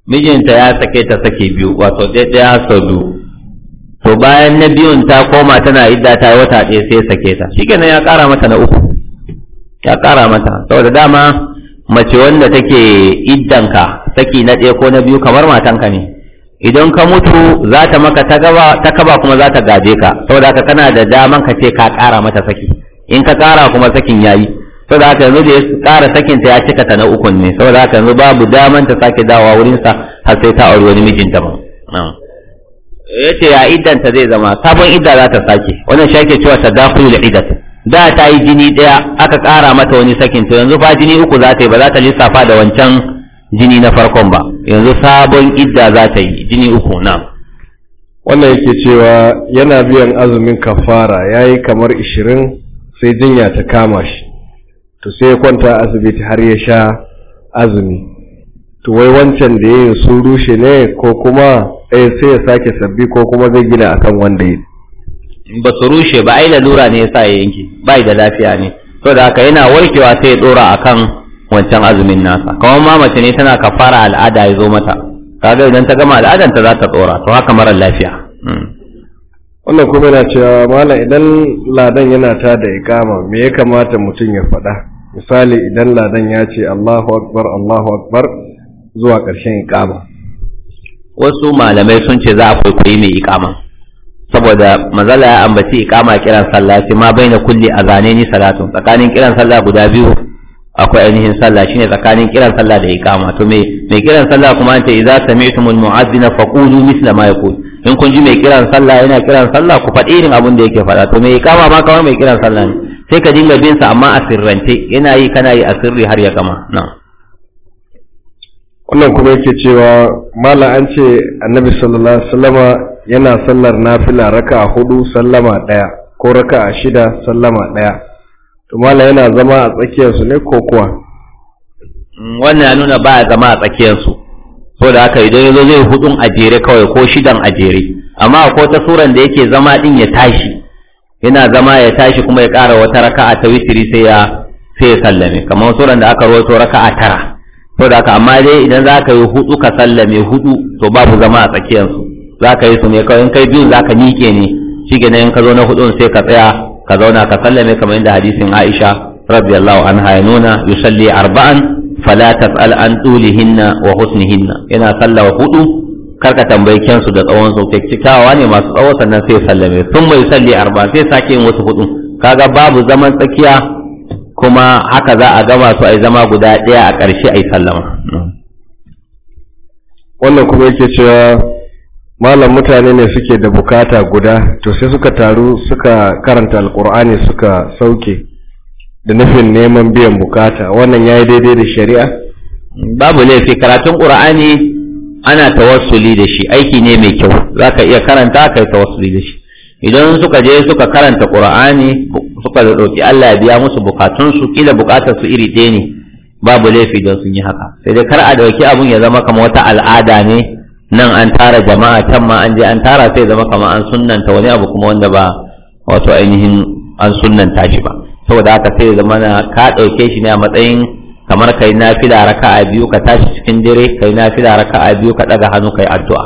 Speaker 2: mijinta ya sake
Speaker 1: ta sake biyu wato ɗaya sau biyu to bayan na biyun ta koma tana idda ta wata ɗaya sai ya sake ta shikenan ya ƙara mata na uku ya ƙara mata saboda dama mace wanda take iddanka saki na ɗaya ko na biyu kamar matanka ne idan ka mutu za ta maka ta kaba kuma za ta gaje ka saboda haka kana da daman ka ce ka ƙara mata saki in ka ƙara kuma sakin yayi saboda haka yanzu da ya ƙara sakin ta ya cika ta na ukun ne saboda haka yanzu babu daman ta sake dawa wurin sa har sai ta auri wani mijinta ba yace ya iddan ta zai zama sabon idda za ta sake wannan shi ake cewa tadakhulul iddat da ta yi jini daya aka ƙara mata wani sakin to yanzu fa jini uku za ta yi ba za ta lissafa da wancan jini na farkon ba yanzu sabon idda za ta yi jini
Speaker 2: uku na wannan yake cewa yana biyan azumin kafara ya yi kamar ishirin sai jinya ta kama shi to sai ya kwanta asibiti har ya sha azumi to wai wancan da yin sun rushe ne ko kuma ɗaya eh, sai ya sake sabbi ko kuma zai gina akan wanda ya
Speaker 1: ba su rushe ba ai lalura ne ya sa ya yanki. bai da lafiya ne da haka yana warkewa sai ya dora kan. wancan azumin nasa kawai ma mace ne tana kafara al'ada ya zo mata kaga idan ta gama al'adanta za ta tsora to haka mara lafiya hmm.
Speaker 2: wannan kuma yana cewa mala idan ladan yana ta da ikama me ya kamata mutum ya faɗa misali idan ladan ya ce Allahu akbar Allahu akbar zuwa ƙarshen ikama wasu
Speaker 1: malamai sun ce za a kwaikwayi mai ikama saboda mazala ya ambaci ikama kiran sallah sai ma bai na kulle a zane ni salatu, tsakanin kiran sallah guda biyu akwai ainihin sallah shine tsakanin kiran sallah da iqama to me me kiran sallah kuma an ce idza sami'tumul mu'adhdhina faqulu mithla ma yaqul in kun ji mai kiran sallah yana kiran sallah ku faɗi irin abun da yake faɗa to me iqama ma kamar mai kiran sallah ne sai ka dinga bin sa amma a yana yi kana yi asirri sirri har ya gama
Speaker 2: na wannan kuma yake cewa mala an ce annabi sallallahu alaihi wasallama yana sallar nafila raka'a hudu sallama daya ko raka'a shida sallama daya to yana zama a tsakiyarsu ne ko kuwa mm,
Speaker 1: wannan ya nuna ba zama a tsakiyarsu da haka idan yazo zai hudun a jere kawai ko shidan a jere amma akwai ta suran da yake zama din ya tashi yana zama ya tashi kuma ya ƙara wata raka'a ta witiri sai ya sai ya sallame kamar suran da aka rawaito raka'a tara da haka amma dai idan za ka yi hudu ka sallame hudu to babu zama a tsakiyarsu za ka yi su ne kawai in kai biyu za ka miƙe ne shi ne in ka zo na hudun sai ka tsaya ka zauna ka sallame kamar yadda hadisin Aisha radiyallahu anha ya nuna yusalli arba'an fala tas'al an tulihinna wa husnihinna yana sallah wa hudu karka tambayi kyansu da tsawon su kyakkyawa ne masu tsawo sannan sai sallame sun mai salli arba'an sai sake yin wasu hudu kaga babu zaman tsakiya kuma haka za a gama su ai zama guda ɗaya
Speaker 2: a ƙarshe ai sallama wannan kuma yake cewa malam mutane ne suke da bukata guda to sai suka taru suka karanta alkur'ani suka sauke da nufin neman biyan bukata wannan yayi daidai da shari'a babu laifi karatun qur'ani ana tawassuli da shi aiki
Speaker 1: ne mai kyau zaka iya karanta kai tawassuli da shi idan suka je suka karanta qur'ani suka dauki Allah ya biya musu bukatun su kila bukatar su iri ɗaya ne babu laifi don sun yi haka sai da kar a dauki abun ya zama kamar wata al'ada ne nan an tara jama'a can ma an je an tara sai zama kamar an sunnanta wani abu kuma wanda ba wato ainihin an sunnanta shi ba saboda haka sai zama na ka ɗauke shi ne a matsayin kamar kai na fi nafila a biyu ka tashi cikin dare kai na fi nafila a biyu ka ɗaga hannu kai addu'a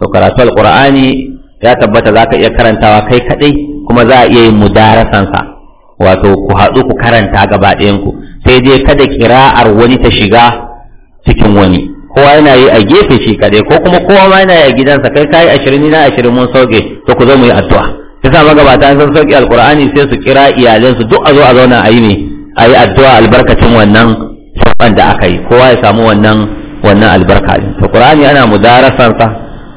Speaker 1: to karatu alqur'ani ya tabbata za ka iya karantawa kai kaɗai kuma za a iya yin sa wato ku haɗu ku karanta gaba ɗayan ku sai dai kada kira'ar wani ta shiga cikin wani kowa yana yi a gefe shi kaɗai ko kuma kowa ma yana yi a gidansa kai kai ashirin ni na ashirin mun sauke to ku zo mu yi addu'a sai sa magabata sun sauke alqur'ani sai su kira iyalansu duk a zo a zauna a yi ne a yi addu'a albarkacin wannan shafan da aka yi kowa ya samu wannan wannan albarka din to qur'ani ana mudarasan sa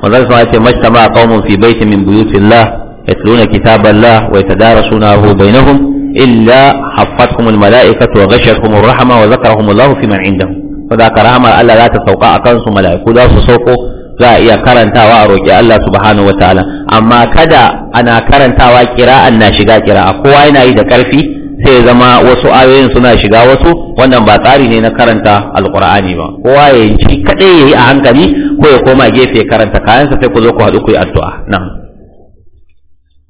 Speaker 1: wannan sun ce majtama qaumun fi baitin min buyutillah yatluna kitaballah wa yatadarasunahu bainahum illa haffatkumul mala'ikatu wa ghashiyatuhumur rahma wa zakarahumullahu fi man indahum saboda karamar Allah za ta sauka a kansu mala'iku za su sauko za a iya karantawa a roƙi Allah subhanahu wataala amma kada ana karantawa kira'an na shiga kira'a kowa yana yi da ƙarfi sai ya zama wasu ayoyin suna shiga wasu wannan ba tsari ne na karanta alqur'ani ba kowa ya yi kadai yayi a hankali ko ya koma gefe karanta kayansa sai ku zo ku haɗu ku yi addu'a na'am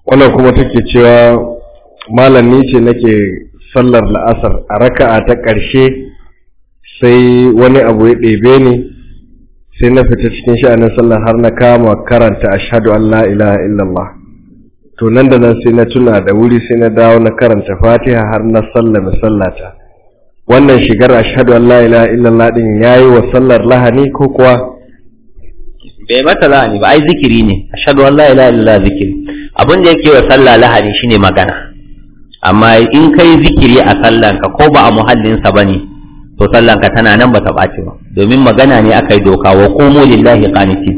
Speaker 2: wannan kuma take cewa malami ce nake sallar la'asar a raka'a ta ƙarshe sai wani abu ya ɗebe ni sai na fita cikin sha'anin sallah har na kama karanta ashadu an la ilaha illallah to nan da nan sai na tuna da wuri sai na dawo na karanta fatiha har na sallame sallata wannan shigar ashadu an la ilaha illallah din yi wa sallar lahani ko kuwa
Speaker 1: bai mata lahani ba ai zikiri ne ashadu an la ilaha illallah zikiri abin da yake wa sallah lahani shine magana amma in kai zikiri a sallanka ko ba a muhallinsa ba ne. to sallanka tana nan bata ɓaci ba domin magana ne aka yi doka wa qumu lillahi qanitin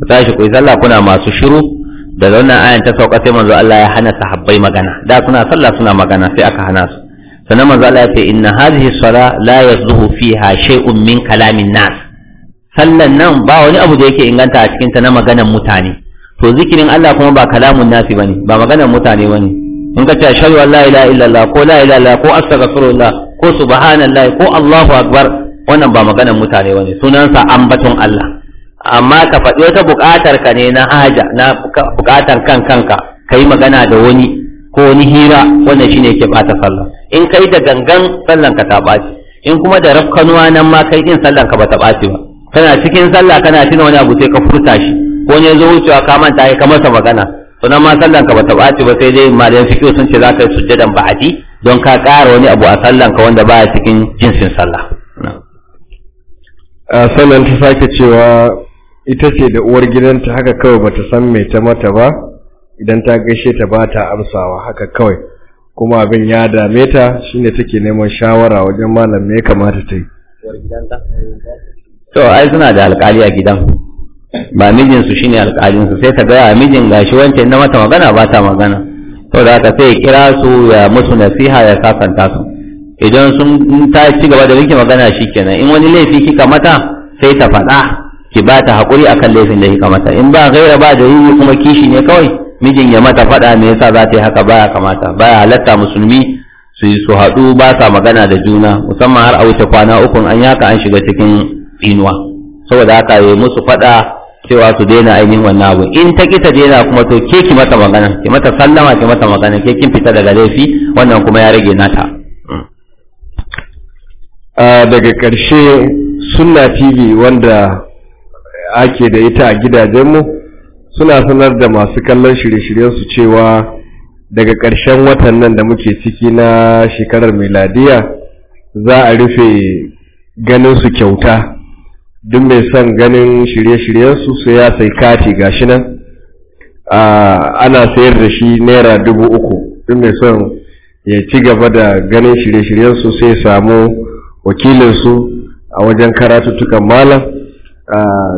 Speaker 1: ku tashi ku yi sallah kuna masu shiru da wannan ayan ta sauka sai manzo Allah ya hana sahabbai magana da suna sallah suna magana sai aka hana su sannan manzo Allah ya ce inna hadhihi sala la yazduhu fiha shay'un min kalamin nas sallan nan ba wani abu da yake inganta a cikin ta na maganan mutane to zikirin Allah kuma ba kalamun nasi bane ba maganan mutane bane in ka ce ashhadu an la ilaha ko la ilaha ko astaghfirullah ko subhanallah ko allahu akbar wannan ba maganar mutane bane sunansa ambaton Allah amma ka faɗi wata buƙatar ka ne na haja na buƙatar kan kanka kai magana da wani ko wani hira wannan shine ke bata sallah in kai da gangan sallan ka ta ɓaci in kuma da rafkanuwa nan ma kai din sallan ka bata ɓaci ba kana cikin sallah kana tuna wani abu sai ka furta shi ko ne zo wucewa ka manta ka masa magana sannan ma sallan ka bata ɓaci ba sai dai malayan fiqh sun ce za yi sujjadan ba'adi don ka ƙara wani abu a sallan ka wanda baya cikin jinsin sallah
Speaker 2: a sannan ta sake cewa ita ce da uwar gidanta haka kawai ba ta san mai ta mata ba idan ta gaishe ta ba ta amsawa haka kawai kuma abin ya dame ta shine take neman shawara wajen malam me kamata ta yi to ai suna da alƙali a gidan ba mijinsu su
Speaker 1: shine alƙalin sai ta ga mijin gashi wancan na mata magana ba ta magana da haka sai ya kira su ya musu nasiha ya sasanta su idan sun ta ci gaba da miki magana shikenan in wani laifi kika mata sai ta faɗa ki ba ta haƙuri akan laifin da kika mata in ba gaira ba da yi kuma kishi ne kawai mijin ya mata faɗa me yasa za ta yi haka baya kamata baya halatta musulmi su yi su haɗu ba sa magana da juna musamman har a wuce kwana uku an yaka an shiga cikin inuwa saboda haka yi musu faɗa cewa su daina ainihin wannan abu in ta kita daina kuma to ke ki mata magana ki mata sallama ki mata magana ke kin fita daga laifi wannan kuma ya rage nata mm. ah, daga
Speaker 2: ƙarshe, sunna tv wanda ake da ita a gidajen mu suna sanar da masu kallon shirye su cewa daga ƙarshen watan nan da muke ciki na shekarar miladiya za a rufe ganin su kyauta duk mai son ganin shirye-shiryensu sai ya sai kati gashi nan ana sayar da shi naira dubu uku duk mai son ya ci gaba da ganin shirye-shiryensu sai ya samu wakilinsu a wajen karatuttukan malam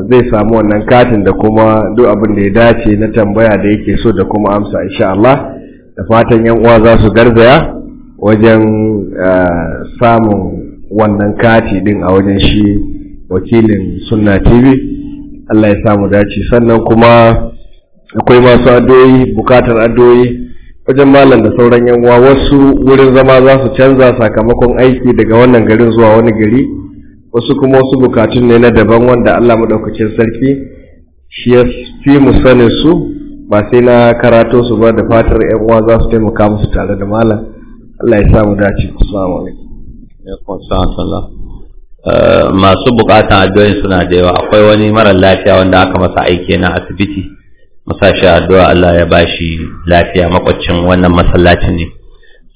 Speaker 2: zai samu wannan katin da kuma duk abin da ya dace na tambaya da yake so da kuma amsa insha Allah da fatan yan uwa za su garzaya wajen eh, samun wannan kati din a wajen shi wakilin sunna tv allah ya samu dace sannan kuma akwai masu addu'o'i bukatar addu'o'i wajen malam da sauran yan uwa wasu wurin zama za su canza sakamakon aiki daga wannan garin zuwa wani gari wasu kuma wasu bukatun ne na daban wanda allah maɗaukacin sarki shi ya fi mu sanin su ba sai na karato su ba da fatar yan za su taimaka musu tare da malam Allah ya samu dace assalamu alaikum
Speaker 1: masu bukatan addu'o'in suna da yawa akwai wani mara lafiya wanda aka masa aiki na asibiti masa shi addu'a Allah ya bashi lafiya makwacin wannan masallacin ne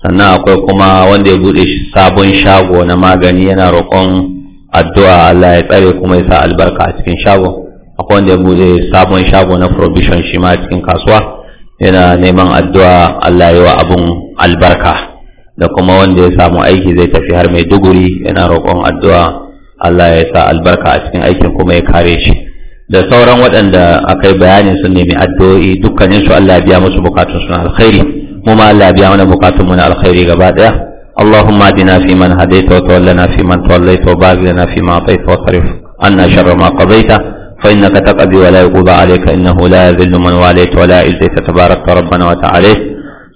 Speaker 1: sannan akwai kuma wanda ya bude shi sabon shago na magani yana roƙon addu'a Allah ya tsare kuma ya sa albarka a cikin shago akwai wanda ya bude sabon shago na provision shi ma cikin kasuwa yana neman addu'a Allah ya yi wa abun albarka da kuma wanda ya samu aiki zai tafi har mai duguri yana roƙon addu'a Allah ya sa albarka a cikin aikin kuma ya kare shi da sauran waɗanda akai bayanin sun nemi addu'o'i dukkanin su Allah ya biya musu bukatun su alkhairi mu ma Allah ya biya mana bukatun mu na alkhairi gaba daya اللهم اهدنا فيمن هديت وتولنا فيمن توليت وبارك لنا فيما اعطيت وصرف عنا شر ما قضيت فانك تقضي ولا يقضى عليك انه لا يذل من واليت ولا يعز تبارك ربنا وتعاليت